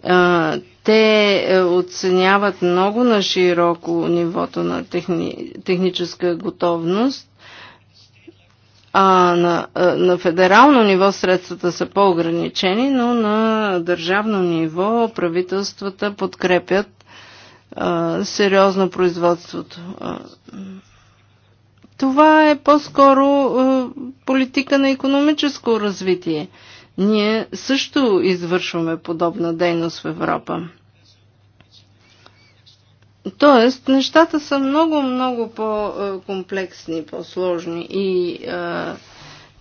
А, те е, оценяват много на широко нивото на техни, техническа готовност а на, на федерално ниво средствата са по-ограничени, но на държавно ниво правителствата подкрепят а, сериозно производството. Това е по-скоро политика на економическо развитие. Ние също извършваме подобна дейност в Европа. Тоест, нещата са много, много по-комплексни, по-сложни и а,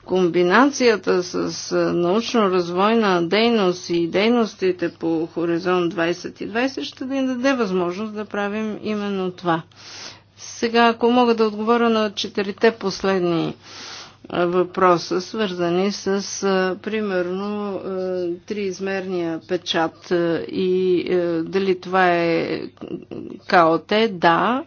комбинацията с научно-развойна дейност и дейностите по Хоризонт 2020 ще ни даде възможност да правим именно това. Сега, ако мога да отговоря на четирите последни въпроса, свързани с, примерно, триизмерния печат и дали това е КОТ, да,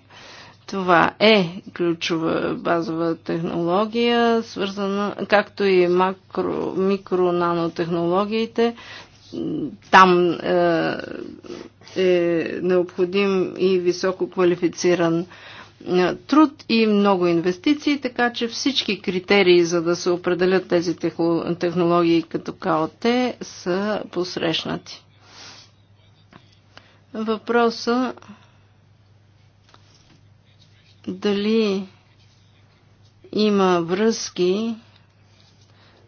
това е ключова базова технология, свързана, както и макро, микро-нанотехнологиите. Там е, е необходим и висококвалифициран. е, е, труд и много инвестиции, така че всички критерии за да се определят тези технологии като КОТ са посрещнати. Въпроса дали има връзки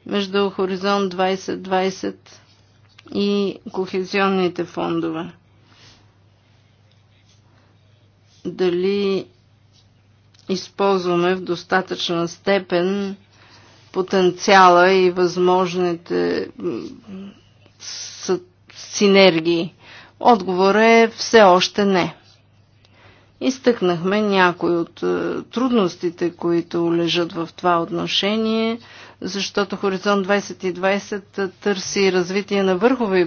между Хоризонт 2020 и кохезионните фондове. Дали използваме в достатъчна степен потенциала и възможните синергии. Отговор е все още не. Изтъкнахме някои от е, трудностите, които лежат в това отношение, защото Хоризонт 2020 е, търси развитие на върхови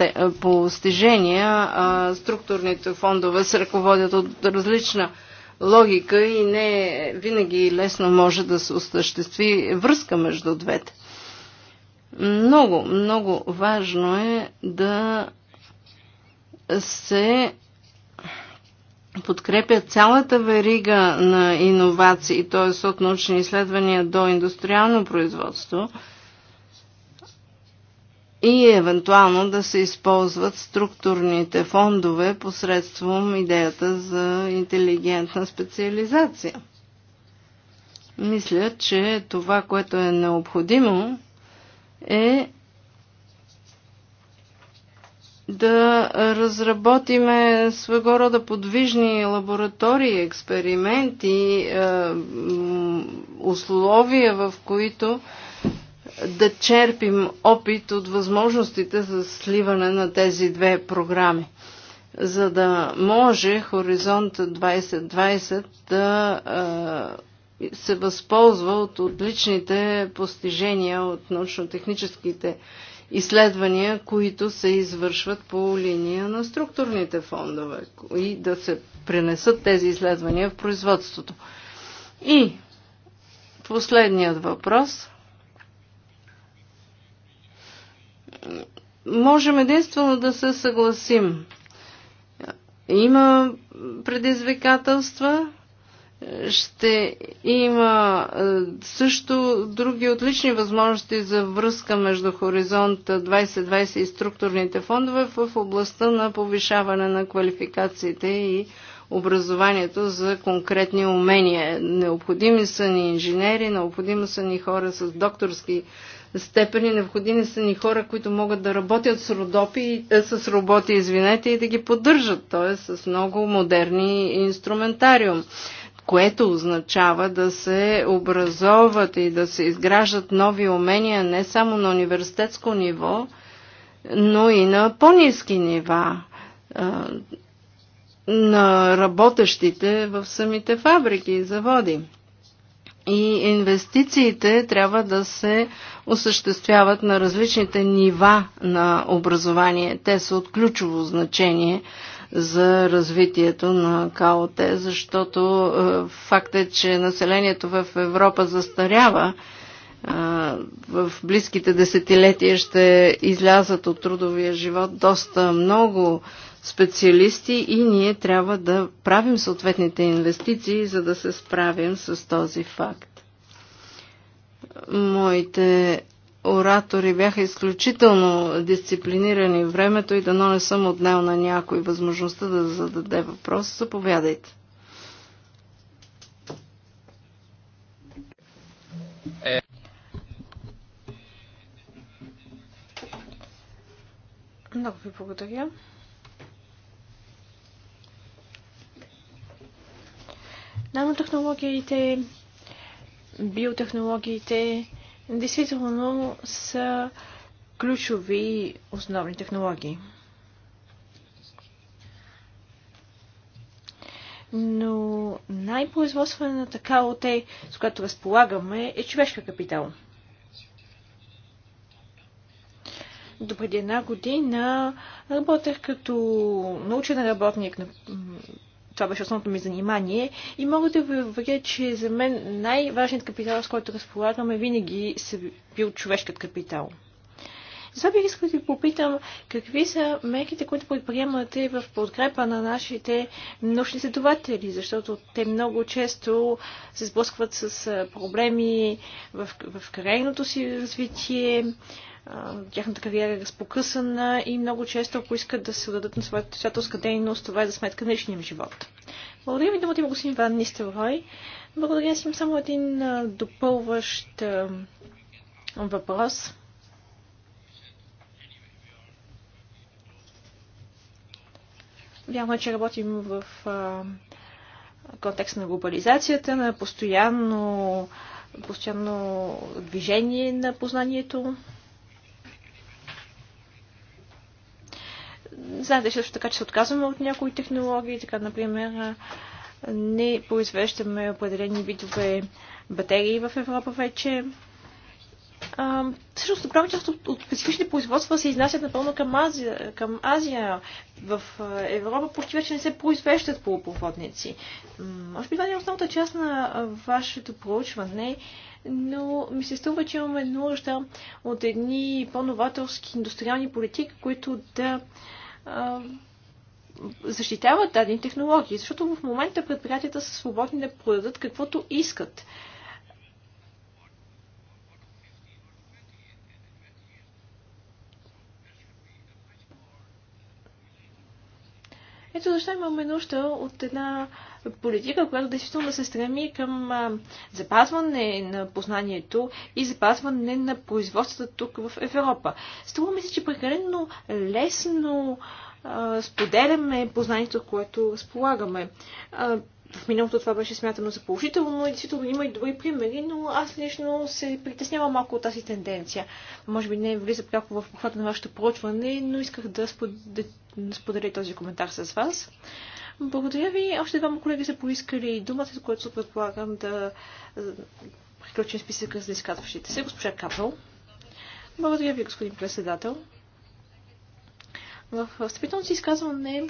е, постижения, а структурните фондове се ръководят от различна логика и не винаги лесно може да се осъществи връзка между двете. Много, много важно е да се подкрепя цялата верига на иновации, т.е. от научни изследвания до индустриално производство – и евентуално да се използват структурните фондове посредством идеята за интелигентна специализация. Мисля, че това, което е необходимо, е да разработиме своего рода подвижни лаборатории, експерименти, е, условия, в които да черпим опит от възможностите за сливане на тези две програми, за да може Хоризонт 2020 да се възползва от отличните постижения от научно-техническите изследвания, които се извършват по линия на структурните фондове и да се пренесат тези изследвания в производството. И последният въпрос – можем единствено да се съгласим. Има предизвикателства, ще има е, също други отлични възможности за връзка между Хоризонт 2020 и структурните фондове в областта на повишаване на квалификациите и образованието за конкретни умения. Необходими са ни инженери, необходими са ни хора с докторски степени. Необходими са ни хора, които могат да работят с, родопи, е, с роботи извинете, и да ги поддържат, т.е. с много модерни инструментариум което означава да се образоват и да се изграждат нови умения не само на университетско ниво, но и на по-низки нива е, на работещите в самите фабрики и заводи и инвестициите трябва да се осъществяват на различните нива на образование. Те са от ключово значение за развитието на КОТ, защото е, факт е, че населението в Европа застарява. Е, в близките десетилетия ще излязат от трудовия живот доста много специалисти и ние трябва да правим съответните инвестиции, за да се справим с този факт. Моите оратори бяха изключително дисциплинирани в времето и дано не съм отнел на някой възможността да зададе въпрос. Заповядайте. Е. Много ви благодаря. Нанотехнологиите, биотехнологиите действително са ключови основни технологии. но най-производствената КОТ, с която разполагаме, е човешка капитал. Допреди една година работех като научен работник на това беше основното ми занимание. И мога да ви уверя, че за мен най-важният капитал, с който разполагаме, винаги е бил човешкият капитал. Затова бих искал да ви попитам какви са мерките, които предприемате в подкрепа на нашите научни следователи, защото те много често се сблъскват с проблеми в, в крайното си развитие, тяхната кариера е разпокъсана и много често, ако искат да се отдадат на своята писателска дейност, това е за сметка на личния им живот. Благодаря ви, думата има господин Ван Нистелрой. Благодаря си им само един допълващ въпрос. Вярно е, че работим в а, контекст на глобализацията, на постоянно, постоянно движение на познанието. Знаете също така, че се отказваме от някои технологии, така, например, не произвеждаме определени видове батерии в Европа вече. А, всъщност, голяма част от, от специфични производства се изнасят напълно към Азия. Към Азия. В Европа почти вече не се произвеждат полупроводници. Може би това не е основната част на вашето проучване, но ми се струва, че имаме нужда от едни по-новаторски индустриални политики, които да а, защитават дадени технологии, защото в момента предприятията са свободни да продадат каквото искат. Ето защо имаме нужда от една политика, която действително се стреми към запазване на познанието и запазване на производствата тук в Европа. Струва ми се, че прекалено лесно а, споделяме познанието, което разполагаме. в миналото това беше смятано за положително и действително има и добри примери, но аз лично се притеснявам малко от тази тенденция. Може би не влиза пряко в обхвата на вашето проучване, но исках да, спод... да сподели този коментар с вас. Благодаря ви. Още двама колеги са поискали думата, с което предполагам да приключим списъка за изказващите се. Госпожа Капел. Благодаря ви, господин председател. В встъпителното си изказване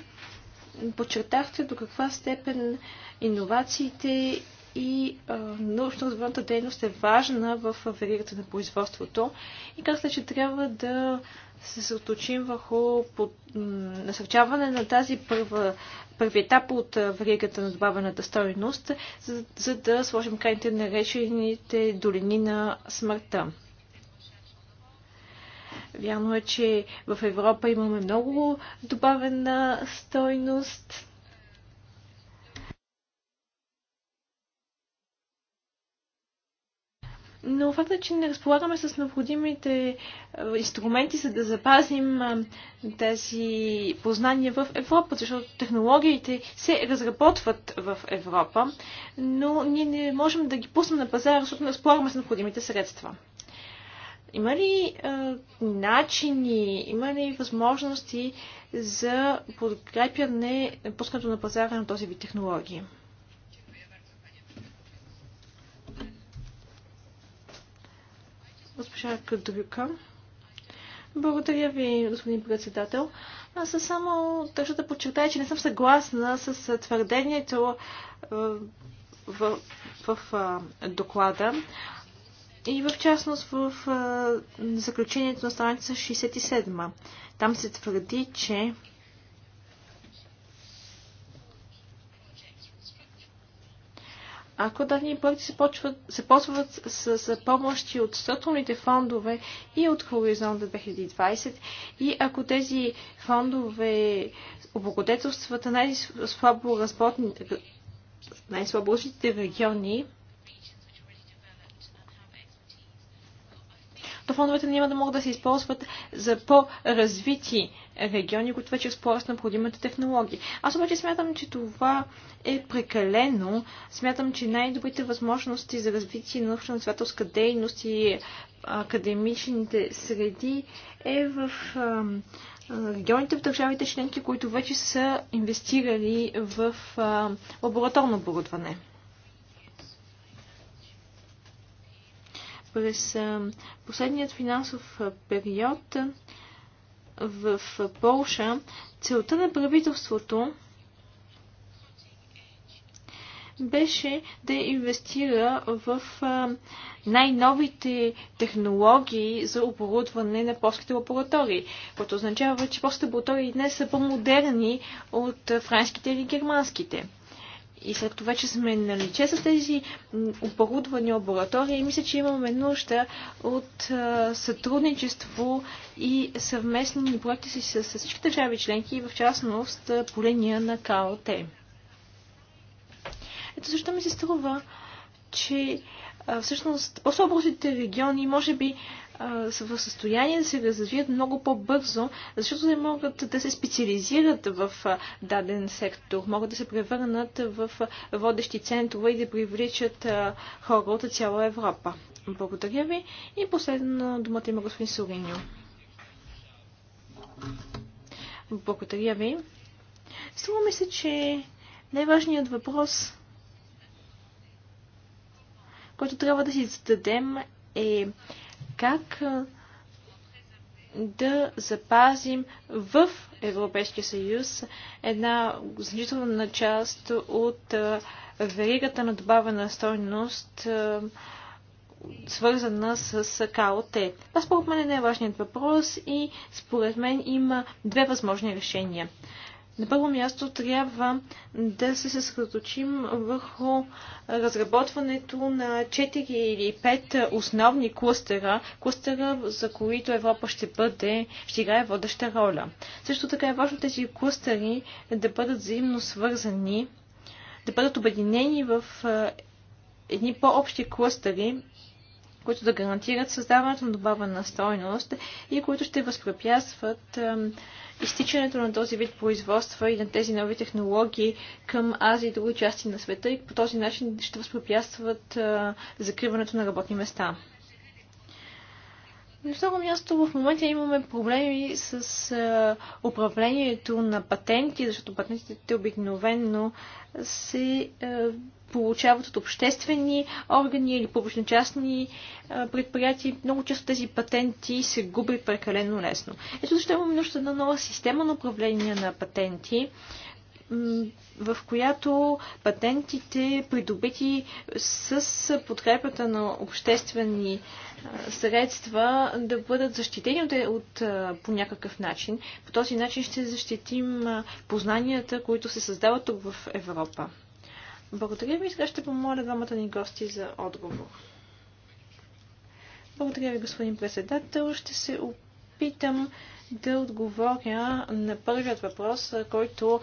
подчертахте до каква степен иновациите и научно-развойната дейност е важна в веригата на производството и как след, че трябва да се съточим върху под, насърчаване на тази първа, първи етап от веригата на добавената стойност, за, за да сложим крайните наречените долини на смъртта. Вярно е, че в Европа имаме много добавена стойност но факта, че не разполагаме с необходимите е, инструменти, за да запазим е, тези познания в Европа, защото технологиите се разработват в Европа, но ние не можем да ги пуснем на пазара, защото не разполагаме с необходимите средства. Има ли е, начини, има ли възможности за подкрепяне пускането на пазара на този вид технологии? Госпожа Кадрюка. Благодаря ви, господин председател. Аз само държа да подчертая, че не съм съгласна с твърдението е, в, в, в доклада и в частност в заключението на страница 67. Там се твърди, че ако дадени проекти се, почват, се ползват с, с помощи от структурните фондове и от Хоризонта 2020 и ако тези фондове облагодетелстват най-слабо най-слабо региони, то фондовете няма да могат да се използват за по-развити региони, които вече разполагат с необходимата технология. Аз обаче смятам, че това е прекалено. Смятам, че най-добрите възможности за развитие на научно-изследователска дейност и академичните среди е в регионите в държавите членки, които вече са инвестирали в лабораторно оборудване. През последният финансов период в Полша целта на правителството беше да инвестира в най-новите технологии за оборудване на полските лаборатории, което означава, че полските лаборатории днес са по-модерни от франските или германските. И след това, че сме наличе с тези оборудвани лаборатории, мисля, че имаме нужда от сътрудничество и съвместни проекти с, с всички държави членки и в частност по линия на КОТ. Ето защо ми се струва, че всъщност по-слабостите региони може би са в състояние да се развият много по-бързо, защото не могат да се специализират в даден сектор, могат да се превърнат в водещи центрове и да привличат хора от цяла Европа. Благодаря ви и последно думата има господин Сориньо. Благодаря ви. Струва ми се, че най-важният въпрос, който трябва да си зададем е как да запазим в Европейския съюз една значителна част от веригата на добавена стойност, свързана с КОТ. Това според мен е най-важният въпрос и според мен има две възможни решения. На първо място трябва да се съсредоточим върху разработването на 4 или 5 основни клъстера, клъстера, за които Европа ще бъде, ще играе водеща роля. Също така е важно тези клъстери да бъдат взаимно свързани, да бъдат обединени в едни по-общи клъстери, които да гарантират създаването на добавена стойност и които ще възпрепятстват изтичането на този вид производства и на тези нови технологии към Азия и други части на света и по този начин ще възпрепятстват закриването на работни места. На второ място в момента имаме проблеми с а, е, управлението на патенти, защото патентите обикновенно се а, е, получават от обществени органи или публично-частни е, предприятия. Много често тези патенти се губят прекалено лесно. Ето защо имаме нужда на нова система на управление на патенти, в която патентите, придобити с подкрепата на обществени средства, да бъдат защитени от, от, по някакъв начин. По този начин ще защитим познанията, които се създават тук в Европа. Благодаря ви. Сега ще помоля двамата ни гости за отговор. Благодаря ви, господин председател. Ще се опитам да отговоря на първият въпрос, който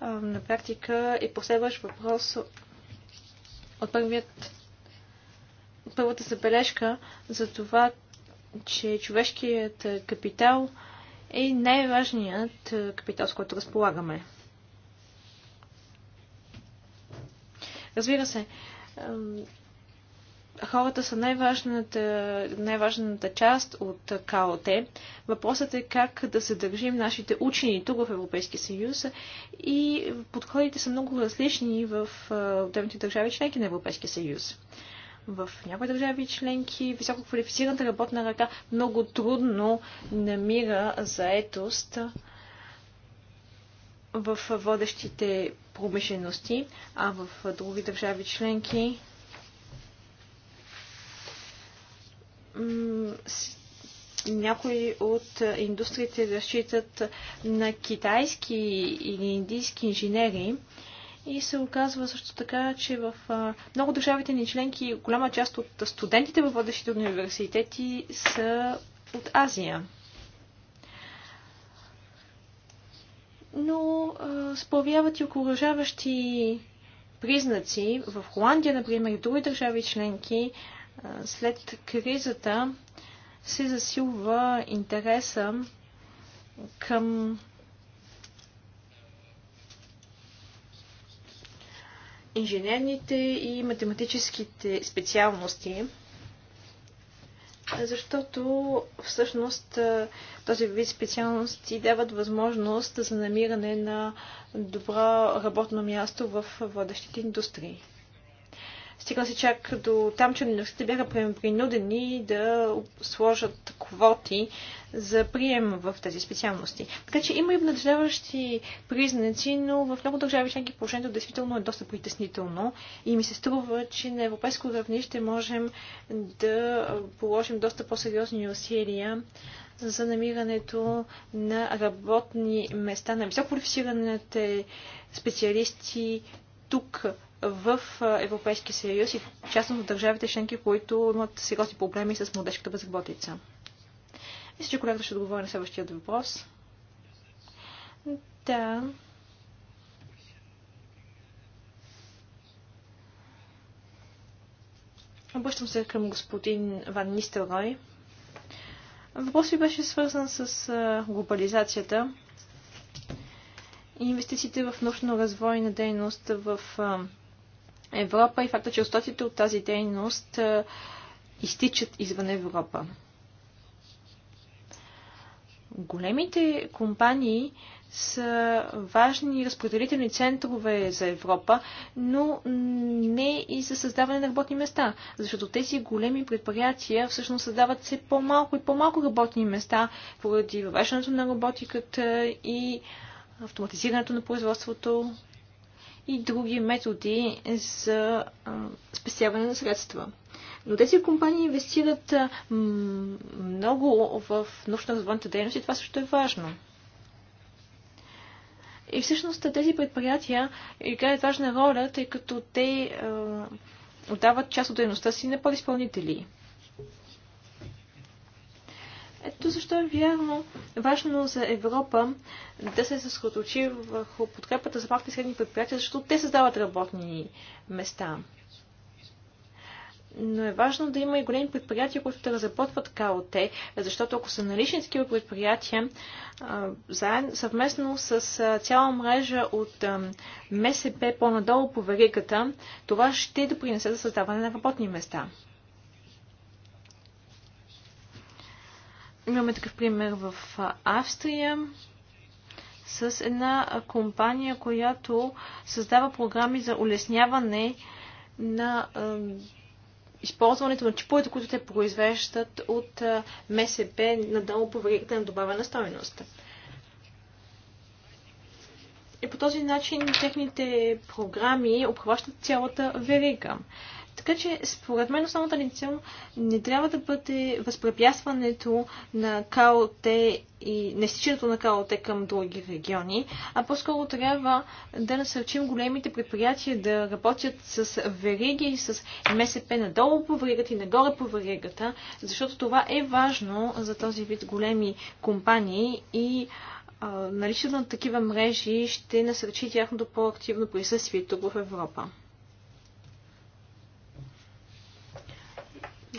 на практика е последващ въпрос от първият, първата забележка за това, че човешкият капитал е най-важният капитал, с който разполагаме. Разбира се, хората са най-важната, най-важната част от КОТ. Въпросът е как да се държим нашите учени тук в Европейския съюз и подходите са много различни в отделните държави членки на Европейския съюз. В някои държави членки високо квалифицираната работна ръка много трудно намира заетост в водещите промишлености, а в други държави членки някои от индустриите разчитат на китайски или индийски инженери. И се оказва също така, че в много държавите ни членки голяма част от студентите във водещите университети са от Азия. Но сплавяват и окоръжаващи признаци. В Холандия, например, и в други държави членки след кризата се засилва интереса към инженерните и математическите специалности, защото всъщност този вид специалности дават възможност за намиране на добро работно място в водещите индустрии. Стигна се чак до там, че университетите бяха принудени да сложат квоти за прием в тези специалности. Така че има и обнадеждаващи признаци, но в много държави членки положението действително е доста притеснително и ми се струва, че на европейско равнище можем да положим доста по-сериозни усилия за намирането на работни места на висококвалифицираните специалисти тук в Европейския съюз и частно частност в държавите членки, които имат сериозни проблеми с младежката безработица. Мисля, че колегата ще отговори на следващия въпрос. Да. Обръщам се към господин Ван Нистелрой. Въпросът ви беше свързан с глобализацията и инвестициите в научно-развойна дейност в Европа и факта, че остатите от тази дейност изтичат извън Европа. Големите компании са важни разпределителни центрове за Европа, но не и за създаване на работни места, защото тези големи предприятия всъщност създават все по-малко и по-малко работни места поради въвеждането на роботиката и автоматизирането на производството и други методи за спестяване на средства. Но тези компании инвестират много в научно-развойната дейност и това също е важно. И всъщност тези предприятия играят важна роля, тъй като те отдават част от дейността си на подизпълнители. Ето защо е вярно, важно за Европа да се съсредоточи върху подкрепата за малките и средни предприятия, защото те създават работни места. Но е важно да има и големи предприятия, които да разработват КОТ, защото ако са налични такива предприятия, заедно, съвместно с цяла мрежа от МСП по-надолу по веригата, това ще допринесе за създаване на работни места. Имаме такъв пример в Австрия с една компания, която създава програми за улесняване на използването на чиповете, които те произвеждат от МСП надолу по веригата на добавена стойност. И по този начин техните програми обхващат цялата верига. Така че, според мен, основната ни цел не трябва да бъде възпрепятстването на КОТ и нестичането на КОТ към други региони, а по-скоро трябва да насърчим големите предприятия да работят с вериги и с МСП надолу по веригата и нагоре по веригата, защото това е важно за този вид големи компании и наличието на такива мрежи ще насърчи тяхното по-активно присъствие тук в Европа.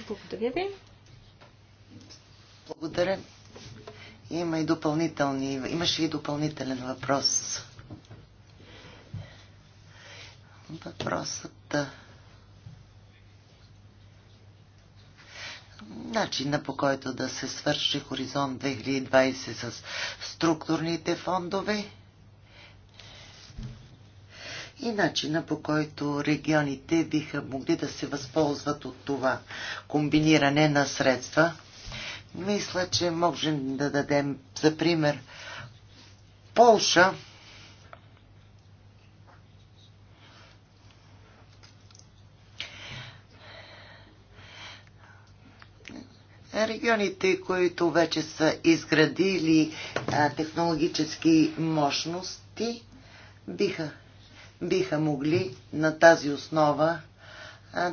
Благодаря ви. Благодаря. Има и допълнителни, имаше и допълнителен въпрос. Въпросът начина по който да се свърши Хоризонт 2020 с структурните фондове и начина по който регионите биха могли да се възползват от това комбиниране на средства. Мисля, че можем да дадем за пример Полша, регионите, които вече са изградили а, технологически мощности, биха биха могли на тази основа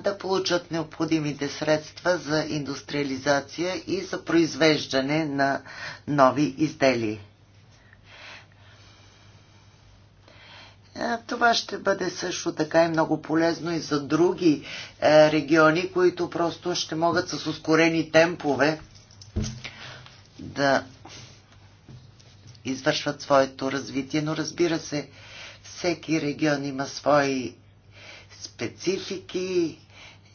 да получат необходимите средства за индустриализация и за произвеждане на нови изделия. Това ще бъде също така и много полезно и за други е, региони, които просто ще могат с ускорени темпове да извършват своето развитие. Но разбира се, всеки регион има свои специфики,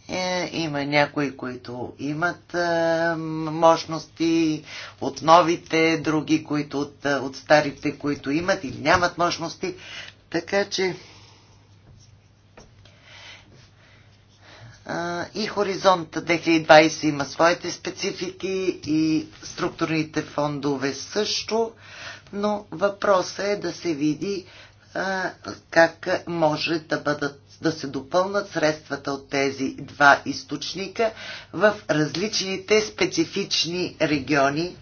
е, има някои, които имат е, мощности от новите, други, които от, е, от старите, които имат или нямат мощности. Така че и Хоризонт 2020 има своите специфики и структурните фондове също, но въпросът е да се види как може да бъдат да се допълнат средствата от тези два източника в различните специфични региони,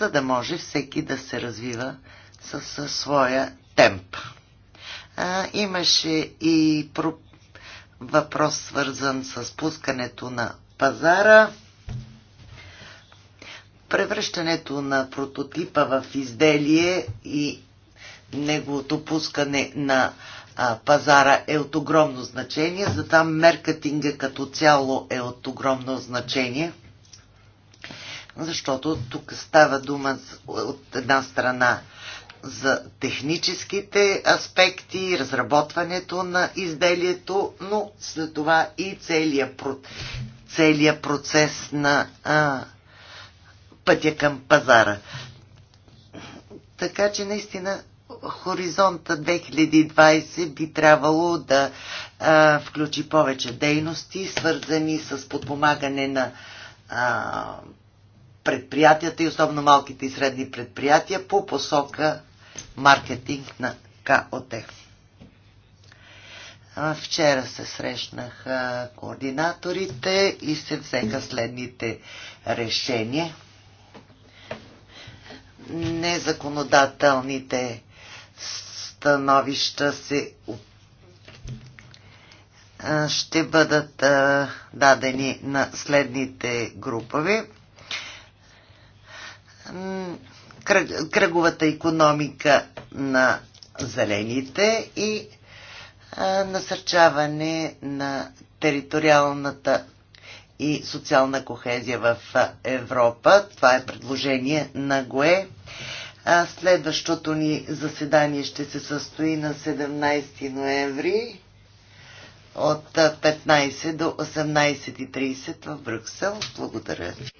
за да може всеки да се развива със, своя темп. А, имаше и про... въпрос свързан с пускането на пазара превръщането на прототипа в изделие и неговото пускане на а, пазара е от огромно значение, затова меркетинга като цяло е от огромно значение, защото тук става дума от една страна за техническите аспекти, разработването на изделието, но след това и целият, целият процес на а, пътя към пазара. Така че наистина хоризонта 2020 би трябвало да а, включи повече дейности, свързани с подпомагане на а, предприятията и особено малките и средни предприятия по посока маркетинг на КОТ. Вчера се срещнах координаторите и се взеха следните решения незаконодателните становища се ще бъдат дадени на следните групови. Кръговата економика на зелените и насърчаване на териториалната и социална кохезия в Европа. Това е предложение на ГОЕ. Следващото ни заседание ще се състои на 17 ноември от 15 до 18.30 в Брюксел. Благодаря ви.